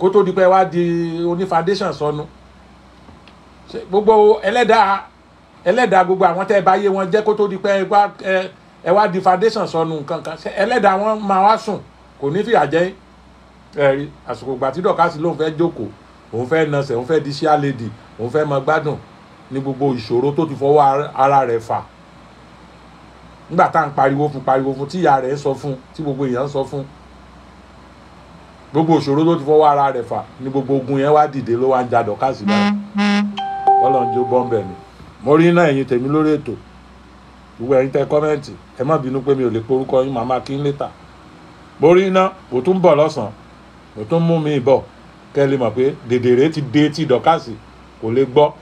kó tó di pé wá di oní foundation sọnù gbogbo ẹlẹ́dàá ẹlẹ́dàá gbogbo àwọn tẹ́ ẹ bá yé wọn jẹ́ kó tó di pé ẹ wá di foundation sọnù kankan ẹlẹ́dàá wọn máa wá sùn kò ní fìyà jẹ ẹ̀rí àsìkò ìgbà tí dọ̀kásì lòun fẹ́ jókòó òun fẹ́ nasẹ̀ òun fẹ́ di ṣíà lady òun fẹ́ mọ gbádùn ní gbogbo ìṣòro tó ti fọwọ́ ara rẹ̀ fà nígbà tá à ń pariwo fún pariwo fún tí ìyá rẹ̀ sọ fún tí gbogbo èèyàn sọ fún gbogbo òṣòro tó ti fọwọ́ ara rẹ̀ fà ní gbogbo ogun yẹn wá dìde ló wá ń jadọ̀ káàsì báyìí bọ́lọ̀njó bọ́m̀bẹ̀ ni mo rí náà ẹ̀yin tèmi lórí ètò gbogbo ẹ̀yin tẹ kọ́mẹ́ǹtì ẹ má bínú pé mi ò lè porúkọ yín màmá kí n létà mo rí iná mo tún bọ̀ lọ́sàn-án mo tún mú mi bọ̀ kẹ́ ẹ lè mọ̀ pé dèdèrè ti dé tí dọ̀kásì kò lè gbọ́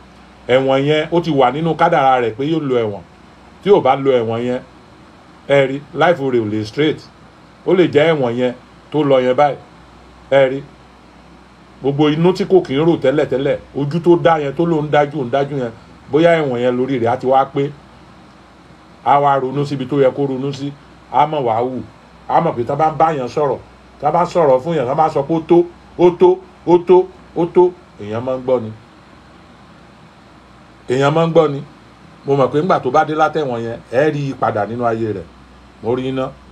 ẹ̀wọ̀n yẹn ó ti wà nínú kádàrà rẹ̀ pé yóò lo ẹ̀wọ̀n tí ò bá lo ẹ̀wọ̀n yẹn ẹ̀rí life rẹ̀ ò straight ó lè jẹ́ ẹ̀wọ̀n yẹn tó lọ yẹn báyìí ẹ̀rí gbogbo inú tí kò kì í rò tẹ́lẹ̀tẹ́lẹ̀ ojú tó dá yẹn tó ló ń dájú ń dájú yẹn bóyá ẹ̀wọ̀n yẹn lórí rẹ̀ á ti wá pé á wá ronú síbi tó yẹ kó ronú sí á mọ̀ wá wù á mọ̀ pé tá bá ń bá yẹn sọ̀rọ̀ tá bá sọ̀rọ̀ fún yẹn tá sọ pé ó tó ó tó ó tó ó tó èèyàn máa ń gbọ́ ni èèyàn máa ń gbọ́ ni mo mọ̀ pé ńgbà tó bá dé látẹ̀wọ̀n yẹn ẹ̀ rí i padà nínú ayé rẹ̀ What do you know?